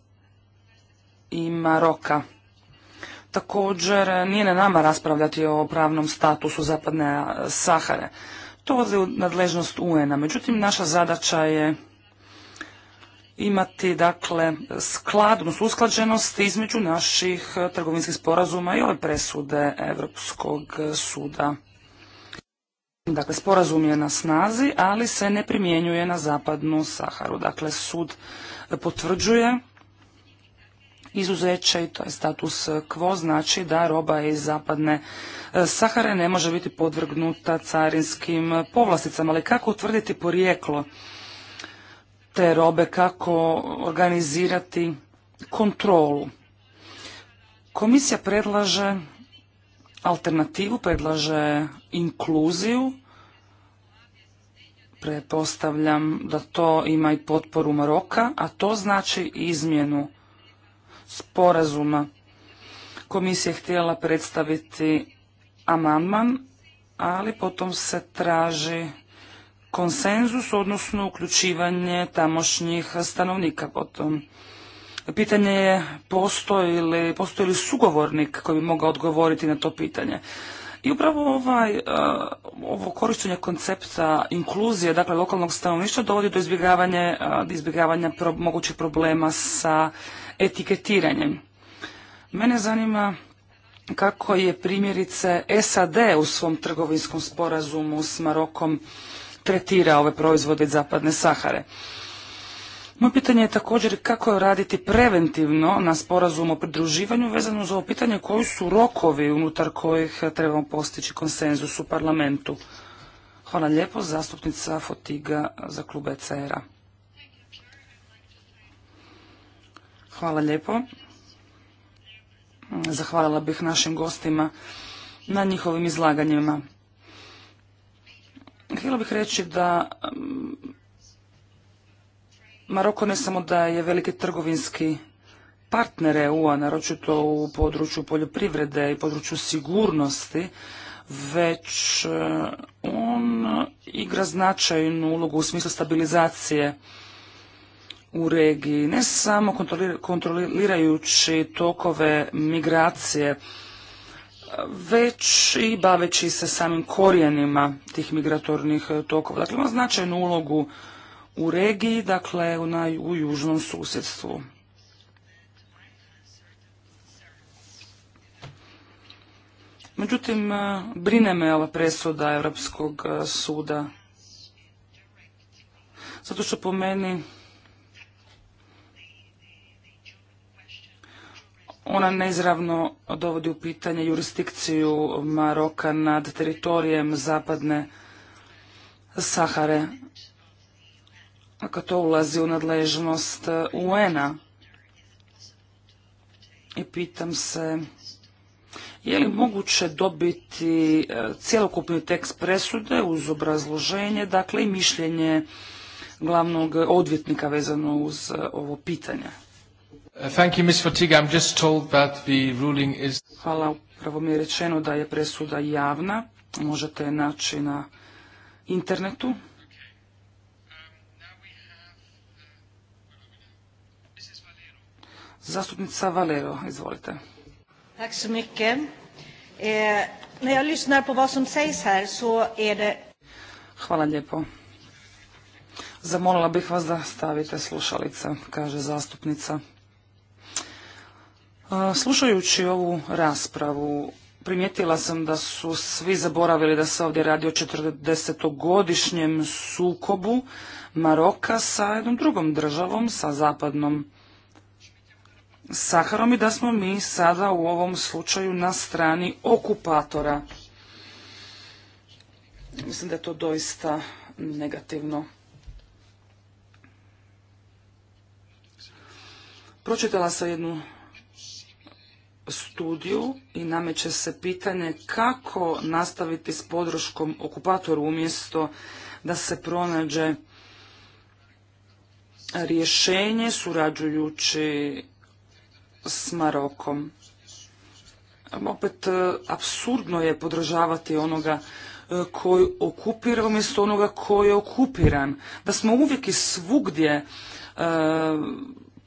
i Maroka. Također, nije na nama raspravljati o pravnom statusu Zapadne Sahare. To je nadležnost UN-a. Međutim, naša zadaća je imati dakle skladnost, usklađenost između naših e, trgovinskih sporazuma i ove presude Europskog suda. Dakle, sporazum je na snazi, ali se ne primjenjuje na zapadnu Saharu. Dakle, sud potvrđuje izuzeće i to je status quo, znači da roba iz zapadne e, Sahare ne može biti podvrgnuta carinskim povlasticama. Ali kako utvrditi porijeklo te robe, kako organizirati kontrolu. Komisija predlaže alternativu, predlaže inkluziju. Prepostavljam da to ima i potporu Maroka, a to znači izmjenu sporazuma. Komisija je htjela predstaviti amandman, ali potom se traži konsenzus, odnosno uključivanje tamošnjih stanovnika potom. Pitanje je postoji li, postoji li sugovornik koji bi mogao odgovoriti na to pitanje. I upravo ovaj, e, ovo korištenje koncepta inkluzije, dakle lokalnog stanovništva, dovodi do izbjegavanja, e, mogućih problema sa etiketiranjem. Mene zanima kako je primjerice SAD u svom trgovinskom sporazumu s Marokom tretira ove proizvode iz zapadne Sahare. Moje pitanje je također kako je raditi preventivno na sporazum o pridruživanju vezano za ovo pitanje koji su rokovi unutar kojih trebamo postići konsenzus u parlamentu. Hvala lijepo, zastupnica Fotiga za klub ecr Hvala lijepo. Zahvalila bih našim gostima na njihovim izlaganjima. Htjela bih reći da mm, Maroko ne samo da je veliki trgovinski partner EU-a, naročito u području poljoprivrede i području sigurnosti, već eh, on igra značajnu ulogu u smislu stabilizacije u regiji, ne samo kontrolirajući tokove migracije već i baveći se samim korijenima tih migratornih tokova. Dakle, ima značajnu ulogu u regiji, dakle u, naj, u južnom susjedstvu. Međutim, brine me ova presuda Europskog suda. Zato što po meni Ona neizravno dovodi u pitanje jurisdikciju Maroka nad teritorijem zapadne Sahare. Ako to ulazi u nadležnost UN-a, i pitam se je li moguće dobiti e, cjelokupni tekst presude uz obrazloženje, dakle i mišljenje glavnog odvjetnika vezano uz e, ovo pitanje. Uh, thank you, Ms. Hvala, upravo mi je rečeno da je presuda javna. Možete je naći na internetu. Zastupnica Valero, izvolite. Hvala lijepo. Zamolila bih vas da stavite slušalice, kaže zastupnica. Slušajući ovu raspravu, primijetila sam da su svi zaboravili da se ovdje radi o 40 sukobu Maroka sa jednom drugom državom, sa zapadnom Saharom i da smo mi sada u ovom slučaju na strani okupatora. Mislim da je to doista negativno. Pročitala sam jednu studiju i nameće se pitanje kako nastaviti s podrškom okupatoru umjesto da se pronađe rješenje surađujući s Marokom. Opet, e, absurdno je podržavati onoga e, koji okupira umjesto onoga koji je okupiran. Da smo uvijek i svugdje e,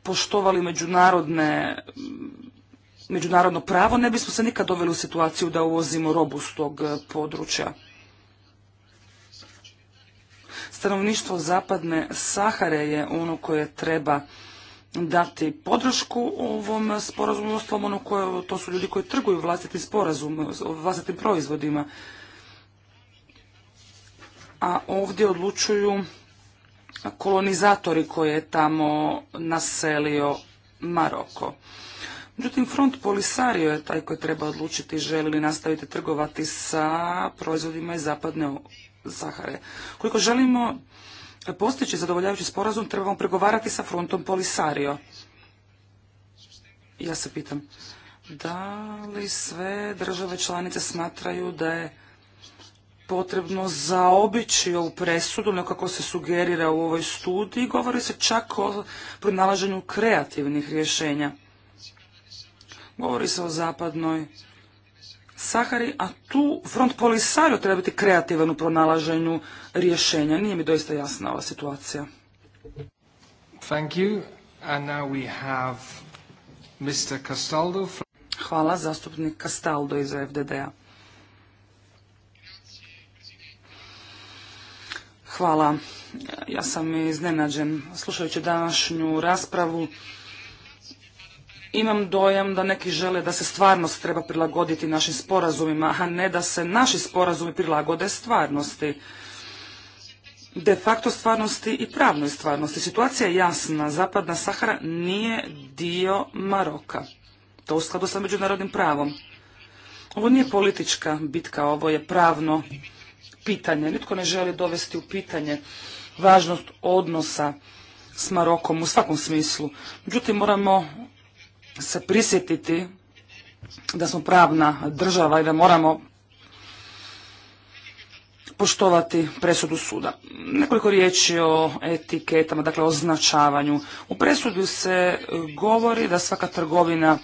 poštovali međunarodne međunarodno pravo, ne bismo se nikad doveli u situaciju da uvozimo robu s tog e, područja. Stanovništvo zapadne Sahare je ono koje treba dati podršku ovom sporazumu, ono koje, to su ljudi koji trguju vlastitim sporazum, vlastitim proizvodima. A ovdje odlučuju kolonizatori koje je tamo naselio Maroko. Međutim, front Polisario je taj koji treba odlučiti želi li nastaviti trgovati sa proizvodima iz zapadne Sahare. Koliko želimo postići zadovoljavajući sporazum, trebamo pregovarati sa frontom Polisario. Ja se pitam, da li sve države članice smatraju da je potrebno zaobići ovu presudu, nekako se sugerira u ovoj studiji, govori se čak o pronalaženju kreativnih rješenja govori se o zapadnoj Sahari, a tu front Polisario treba biti kreativan u pronalaženju rješenja. Nije mi doista jasna ova situacija. Thank Hvala, zastupnik Castaldo iz FDD-a. Hvala. Ja sam iznenađen slušajući današnju raspravu imam dojam da neki žele da se stvarnost treba prilagoditi našim sporazumima, a ne da se naši sporazumi prilagode stvarnosti. De facto stvarnosti i pravnoj stvarnosti. Situacija je jasna. Zapadna Sahara nije dio Maroka. To u skladu sa međunarodnim pravom. Ovo nije politička bitka, ovo je pravno pitanje. Nitko ne želi dovesti u pitanje važnost odnosa s Marokom u svakom smislu. Međutim, moramo se prisjetiti da smo pravna država i da moramo poštovati presudu suda. Nekoliko riječi o etiketama, dakle o označavanju. U presudu se govori da svaka trgovina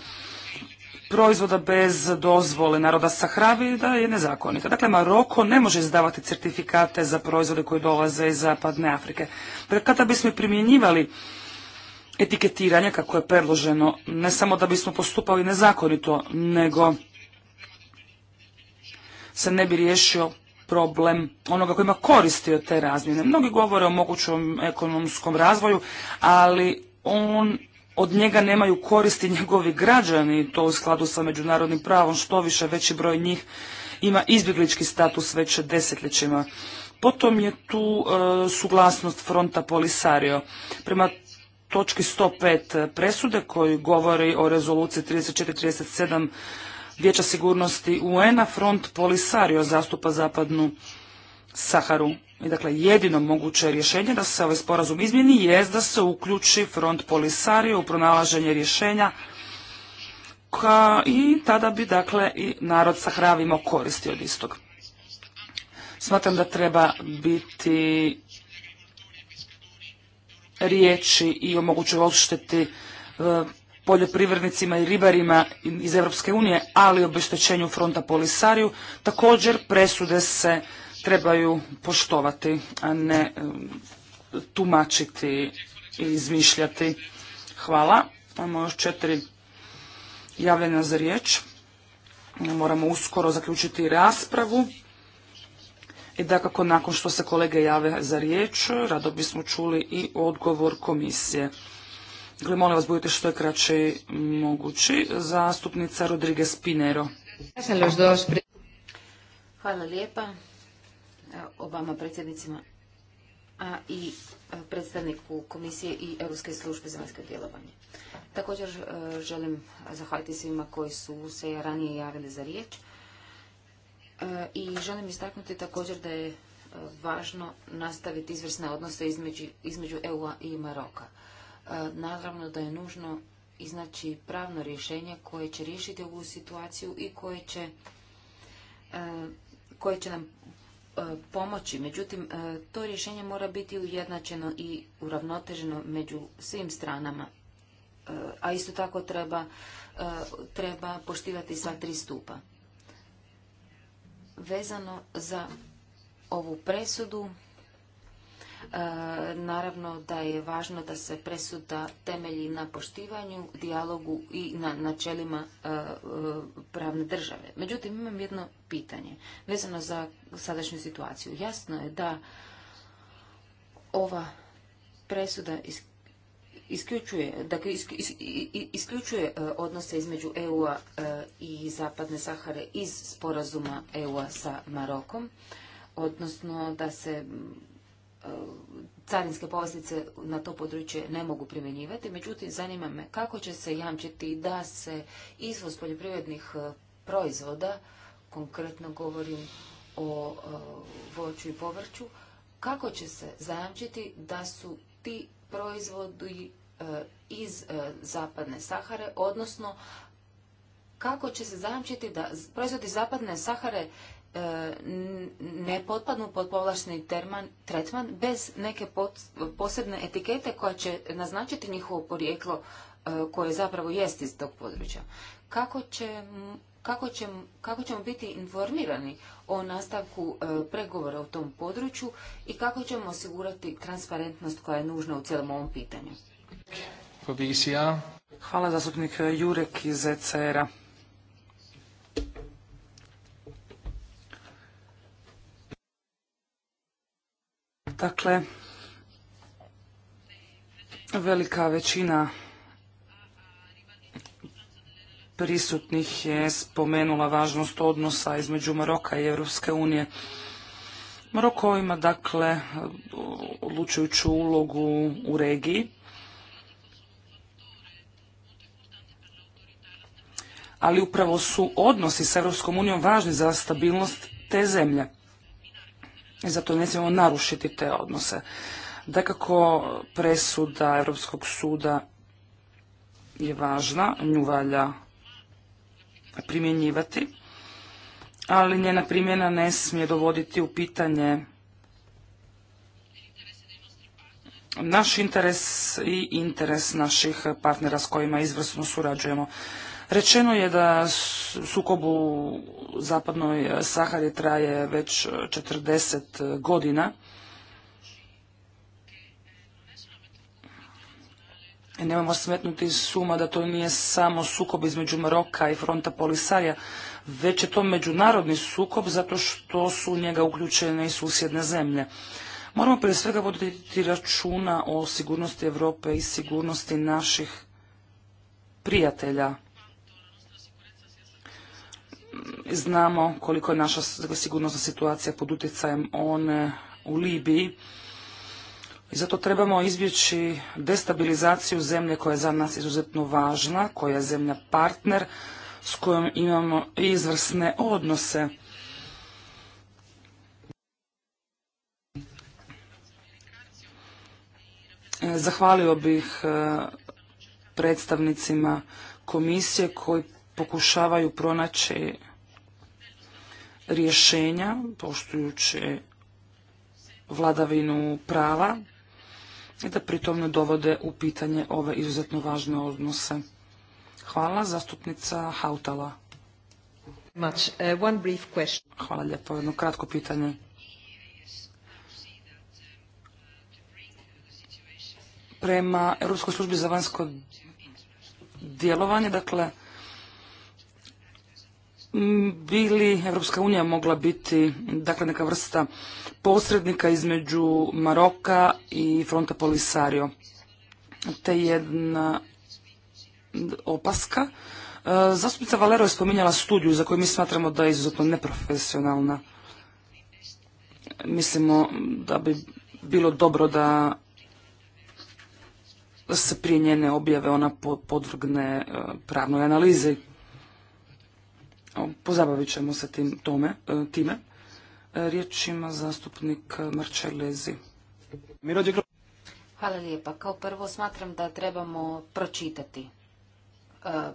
proizvoda bez dozvole naroda Sahravi da je nezakonita. Dakle, Maroko ne može izdavati certifikate za proizvode koji dolaze iz Zapadne Afrike. Dakle, kada bismo primjenjivali etiketiranja kako je predloženo, ne samo da bismo postupali nezakonito, nego se ne bi riješio problem onoga koji ima koristi od te razmjene. Mnogi govore o mogućom ekonomskom razvoju, ali on od njega nemaju koristi njegovi građani, to u skladu sa međunarodnim pravom, što više veći broj njih ima izbjeglički status već desetljećima. Potom je tu e, suglasnost fronta Polisario. Prema točki 105 presude koji govori o rezoluciji 3437 Vijeća sigurnosti UN-a Front Polisario zastupa zapadnu Saharu. I dakle, jedino moguće rješenje da se ovaj sporazum izmjeni jest da se uključi Front Polisario u pronalaženje rješenja ka, i tada bi dakle i narod Sahravimo koristi od istog. Smatram da treba biti riječi i omogućuje odšteti e, poljoprivrednicima i ribarima iz Europske unije, ali obeštećenju fronta Polisariju, također presude se trebaju poštovati, a ne e, tumačiti i izmišljati. Hvala. Imamo još četiri javljanja za riječ. Moramo uskoro zaključiti raspravu. I dakako, nakon što se kolege jave za riječ, rado bismo čuli i odgovor komisije. Dakle, molim vas, budite što je kraće mogući. Zastupnica Rodriguez Pinero. Hvala lijepa obama predsjednicima a i e, predstavniku Komisije i Europske službe za vanjsko djelovanje. Također e, želim zahvaliti svima koji su se ranije javili za riječ. E, i želim istaknuti također da je e, važno nastaviti izvrsne odnose između, EU-a i Maroka. E, naravno da je nužno iznaći pravno rješenje koje će riješiti ovu situaciju i koje će, koje će nam pomoći. Međutim, to rješenje mora biti ujednačeno i uravnoteženo među svim stranama. A isto tako treba, treba poštivati sva tri stupa. Vezano za ovu presudu, e, naravno da je važno da se presuda temelji na poštivanju, dijalogu i na načelima e, e, pravne države. Međutim, imam jedno pitanje vezano za sadašnju situaciju. Jasno je da ova presuda iz isključuje, dakle, isključuje e, odnose između EU-a e, i Zapadne Sahare iz sporazuma EU-a sa Marokom, odnosno da se e, carinske povlastice na to područje ne mogu primjenjivati. Međutim, zanima me kako će se jamčiti da se izvoz poljoprivrednih proizvoda, konkretno govorim o voću i povrću, kako će se zajamčiti da su ti proizvodu e, iz e, zapadne Sahare, odnosno kako će se zajamčiti da proizvodi zapadne Sahare e, ne potpadnu pod povlašteni tretman bez neke posebne etikete koja će naznačiti njihovo porijeklo koje zapravo jest iz tog područja. Kako će kako ćemo, biti informirani o nastavku e, pregovora u tom području i kako ćemo osigurati transparentnost koja je nužna u cijelom ovom pitanju. Hvala zastupnik Jurek iz ECR-a. Dakle, velika većina prisutnih je spomenula važnost odnosa između Maroka i Europske unije. Maroko ima dakle odlučujuću ulogu u regiji. Ali upravo su odnosi s Europskom unijom važni za stabilnost te zemlje. I zato ne smijemo narušiti te odnose. Dakako, presuda Europskog suda je važna, nju valja primjenjivati, ali njena primjena ne smije dovoditi u pitanje naš interes i interes naših partnera s kojima izvrsno surađujemo. Rečeno je da sukob u zapadnoj Sahari traje već 40 godina E, Nemamo smetnuti suma da to nije samo sukob između Maroka i fronta Polisarija, već je to međunarodni sukob zato što su u njega uključene i susjedne zemlje. Moramo prije svega voditi računa o sigurnosti Europe i sigurnosti naših prijatelja. Znamo koliko je naša sigurnosna situacija pod utjecajem one u Libiji i zato trebamo izbjeći destabilizaciju zemlje koja je za nas izuzetno važna, koja je zemlja partner s kojom imamo izvrsne odnose. Zahvalio bih e, predstavnicima komisije koji pokušavaju pronaći rješenja poštujući vladavinu prava i da pritom ne dovode u pitanje ove izuzetno važne odnose. Hvala, zastupnica Hautala. Uh, Hvala lijepo, jedno kratko pitanje. Prema Europskoj službi za vanjsko djelovanje, dakle, Mm, bili, Evropska unija mogla biti dakle neka vrsta posrednika između Maroka i fronta Polisario. Te jedna opaska. E, zastupnica Valero je spominjala studiju za koju mi smatramo da je izuzetno neprofesionalna. Mislimo da bi bilo dobro da se prije njene objave ona podvrgne e, pravnoj analizi. Pozabavit ćemo se tim, tome, e, time. E, riječ ima zastupnik Marčelezi. Hvala lijepa. Kao prvo smatram da trebamo pročitati e,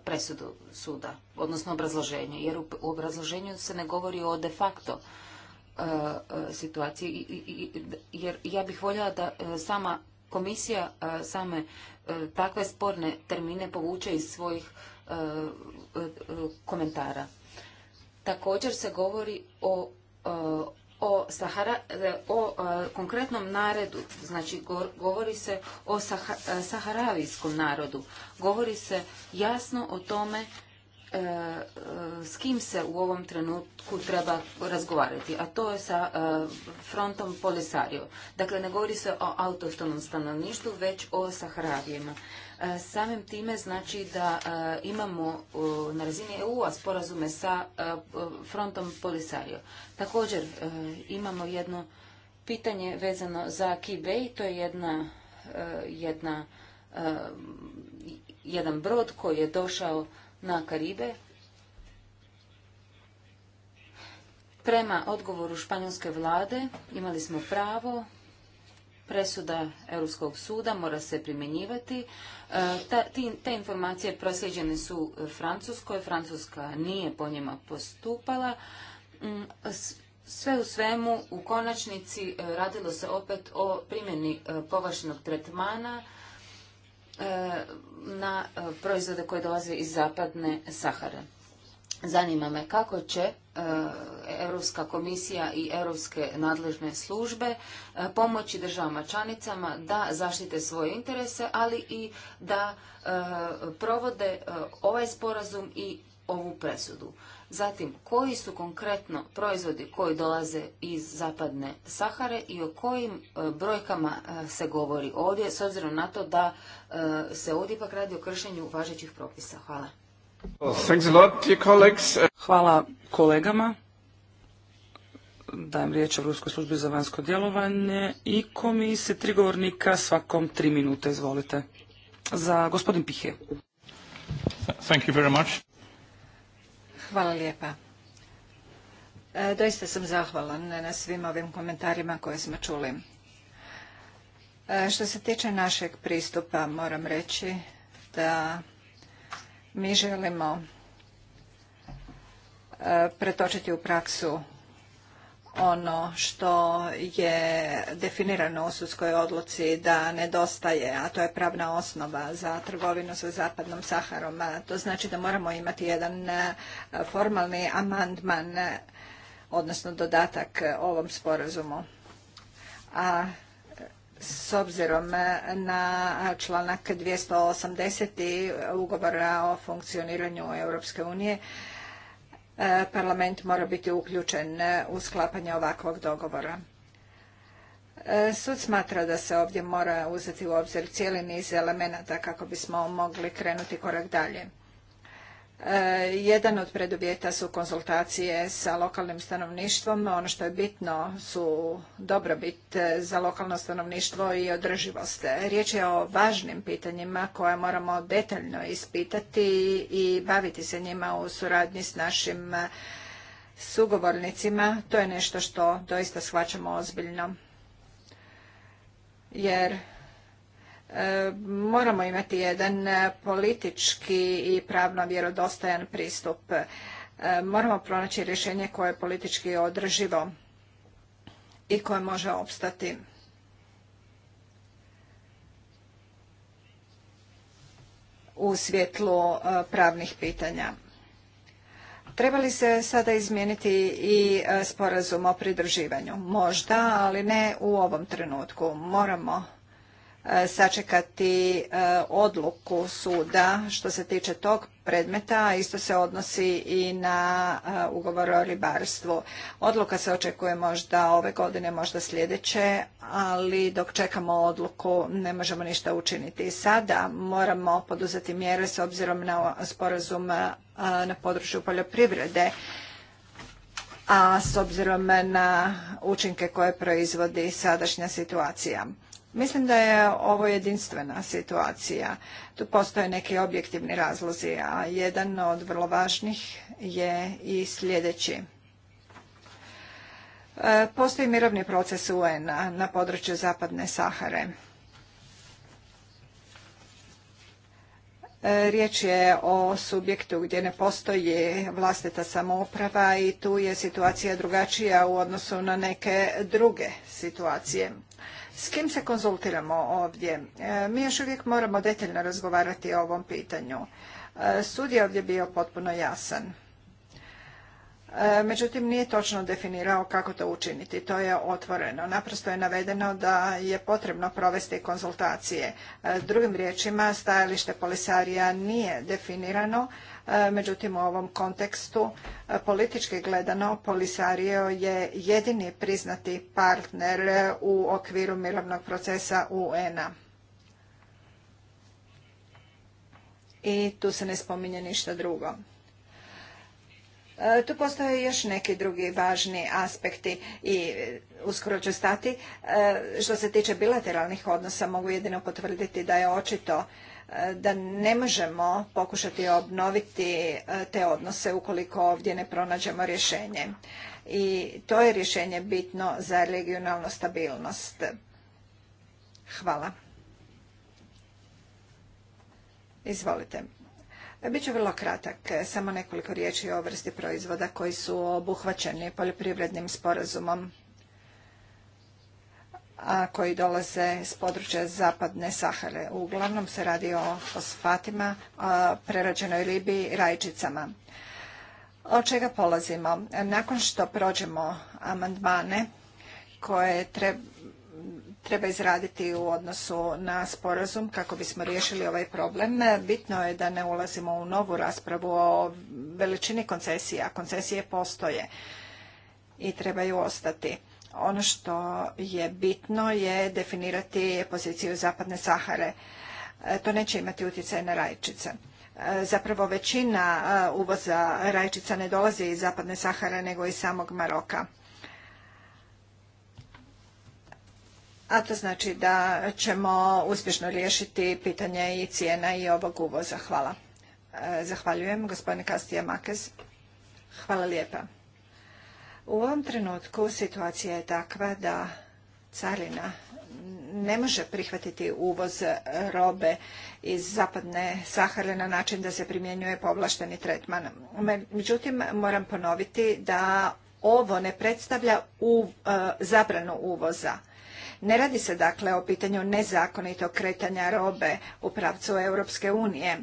presudu suda, odnosno obrazloženje, jer u obrazloženju se ne govori o de facto situaciji, jer ja bih voljela da sama komisija same takve sporne termine povuče iz svojih komentara. Također se govori o, e, o, Sahara, e, o, e, konkretnom naredu, znači govori se o saha, saharavijskom narodu. Govori se jasno o tome s kim se u ovom trenutku treba razgovarati, a to je sa frontom Polisario. Dakle, ne govori se o autohtonom stanovništvu, već o Saharavijima. E, samim time znači da e, imamo na razini EU-a sporazume sa e, frontom Polisario. Također imamo jedno pitanje vezano za Kibej, to je jedna, jedna, jedan brod koji je došao na Karibe. Prema odgovoru španjolske vlade imali smo pravo presuda Europskog suda mora se primjenjivati. E, te informacije prosjeđene su Francuskoj, Francuska nije po njima postupala. Mm, sve u svemu, u konačnici e, radilo se opet o primjeni e, površnog tretmana na proizvode koje dolaze iz zapadne Sahare. Zanima me kako će e, Europska komisija i europske nadležne službe e, pomoći državama članicama da zaštite svoje interese, ali i da e, provode ovaj sporazum i ovu presudu. Zatim, koji su konkretno proizvodi koji dolaze iz zapadne Sahare i o kojim brojkama se govori ovdje, s obzirom na to da se ovdje ipak radi o kršenju važećih propisa. Hvala. Hvala kolegama. Dajem riječ o Ruskoj službi za vanjsko djelovanje i komisije tri govornika svakom tri minute. Izvolite. Za gospodin Pihe. Thank you very much. Hvala lijepa. E, doista sam zahvalan na svim ovim komentarima koje smo čuli. E, što se tiče našeg pristupa, moram reći da mi želimo e, pretočiti u praksu ono što je definirano u sudskoj odluci da nedostaje, a to je pravna osnova za trgovinu sa zapadnom Saharom. To znači da moramo imati jedan e, formalni amandman, e, odnosno dodatak ovom sporazumu. A s obzirom na članak 280. ugovora o funkcioniranju Europske unije, e, parlament mora biti uključen u sklapanje ovakvog dogovora. E, sud smatra da se ovdje mora uzeti u obzir cijeli niz elemenata kako bismo mogli krenuti korak dalje. E, jedan od preduvjeta su konzultacije sa lokalnim stanovništvom. Ono što je bitno su dobrobit e, za lokalno stanovništvo i održivost. Riječ je o važnim pitanjima koja moramo detaljno ispitati i baviti se njima u suradnji s našim e, sugovornicima. To je nešto što doista shvaćamo ozbiljno. Jer E, moramo imati jedan politički i pravno vjerodostojan pristup. E, moramo pronaći rješenje koje je politički održivo i koje može opstati. u svjetlu e, pravnih pitanja. Treba li se sada izmijeniti i sporazum o pridruživanju? Možda, ali ne u ovom trenutku. Moramo E, sačekati e, odluku suda što se tiče tog predmeta, a isto se odnosi i na e, ugovor o ribarstvu. Odluka se očekuje možda ove godine, možda sljedeće, ali dok čekamo odluku ne možemo ništa učiniti. Sada moramo poduzeti mjere s obzirom na sporazum na području poljoprivrede a s obzirom na učinke koje proizvodi sadašnja situacija. Mislim da je ovo jedinstvena situacija. Tu postoje neki objektivni razlozi, a jedan od vrlo važnih je i sljedeći. E, postoji mirovni proces UN-a na području Zapadne Sahare. E, riječ je o subjektu gdje ne postoji vlastita samouprava i tu je situacija drugačija u odnosu na neke druge situacije. S kim se konzultiramo ovdje? E, mi još uvijek moramo detaljno razgovarati o ovom pitanju. E, sud je ovdje bio potpuno jasan. E, međutim, nije točno definirao kako to učiniti. To je otvoreno. Naprosto je navedeno da je potrebno provesti konzultacije. Drugim riječima, stajalište Polisarija nije definirano E, međutim, u ovom kontekstu e, politički gledano Polisario je jedini priznati partner e, u okviru mirovnog procesa UN-a. I tu se ne spominje ništa drugo. Tu postoje još neki drugi važni aspekti i uskoro ću stati. Što se tiče bilateralnih odnosa mogu jedino potvrditi da je očito da ne možemo pokušati obnoviti e, te odnose ukoliko ovdje ne pronađemo rješenje. I to je rješenje bitno za regionalnu stabilnost. Hvala. Izvolite. Biću vrlo kratak, samo nekoliko riječi o vrsti proizvoda koji su obuhvaćeni poljoprivrednim sporazumom a koji dolaze s područja zapadne Sahare. Uglavnom se radi o fosfatima, prerađenoj ribi i rajčicama. Od čega polazimo? Nakon što prođemo amandmane koje treba treba izraditi u odnosu na sporazum kako bismo riješili ovaj problem. Bitno je da ne ulazimo u novu raspravu o veličini koncesija. Koncesije postoje i trebaju ostati. Ono što je bitno je definirati poziciju Zapadne Sahare. E, to neće imati utjecaj na rajčice. E, zapravo većina e, uvoza rajčica ne dolazi iz Zapadne Sahare nego iz samog Maroka. A to znači da ćemo uspješno riješiti pitanje i cijena i ovog uvoza. Hvala. Zahvaljujem, gospodine Kastija Makez. Hvala lijepa. U ovom trenutku situacija je takva da carina ne može prihvatiti uvoz robe iz zapadne Sahare na način da se primjenjuje povlašteni tretman. Međutim, moram ponoviti da ovo ne predstavlja e, zabranu uvoza. Ne radi se dakle o pitanju nezakonitog kretanja robe u pravcu Europske unije. E,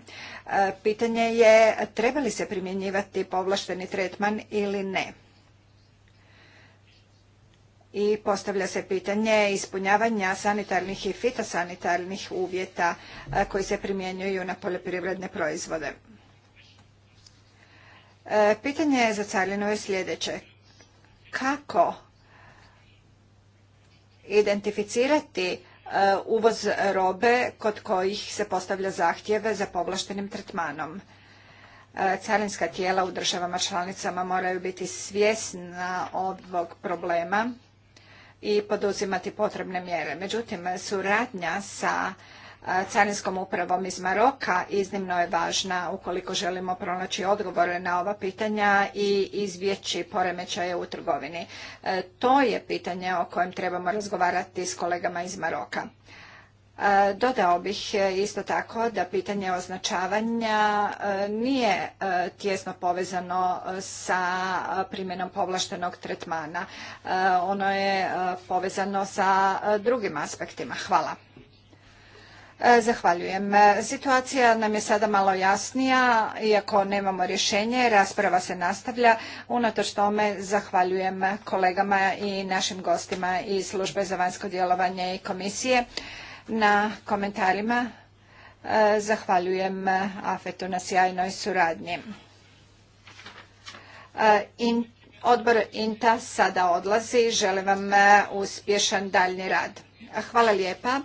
pitanje je treba li se primjenjivati povlašteni tretman ili ne i postavlja se pitanje ispunjavanja sanitarnih i fitosanitarnih uvjeta e, koji se primjenjuju na poljoprivredne proizvode. E, pitanje za carinu je sljedeće. Kako identificirati e, uvoz robe kod kojih se postavlja zahtjeve za povlaštenim tretmanom? Carinska tijela u državama članicama moraju biti svjesna ovog problema i poduzimati potrebne mjere. Međutim, suradnja sa carinskom upravom iz Maroka iznimno je važna ukoliko želimo pronaći odgovore na ova pitanja i izvjeći poremećaje u trgovini. E, to je pitanje o kojem trebamo razgovarati s kolegama iz Maroka. E, dodao bih e, isto tako da pitanje označavanja e, nije tjesno povezano sa primjenom povlaštenog tretmana. Ono je povezano sa drugim aspektima. Hvala. Zahvaljujem. Situacija nam je sada malo jasnija, iako nemamo rješenje, rasprava se nastavlja. Unatoč tome zahvaljujem kolegama i našim gostima iz Službe za vanjsko djelovanje i komisije na komentarima. E, zahvaljujem e, Afetu na sjajnoj suradnji. E, odbor INTA sada odlazi. Želim vam uspješan daljni rad. Hvala lijepa.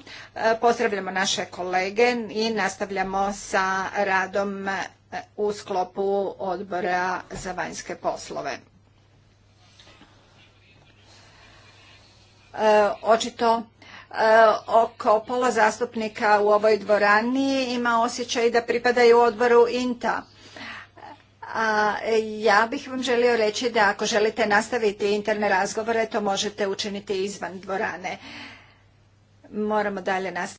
Pozdravljamo naše kolege i nastavljamo sa radom u sklopu odbora za vanjske poslove. Očito E, oko pola zastupnika u ovoj dvorani ima osjećaj da pripadaju odboru INTA. A e, ja bih vam želio reći da ako želite nastaviti interne razgovore, to možete učiniti izvan dvorane. Moramo dalje nastaviti.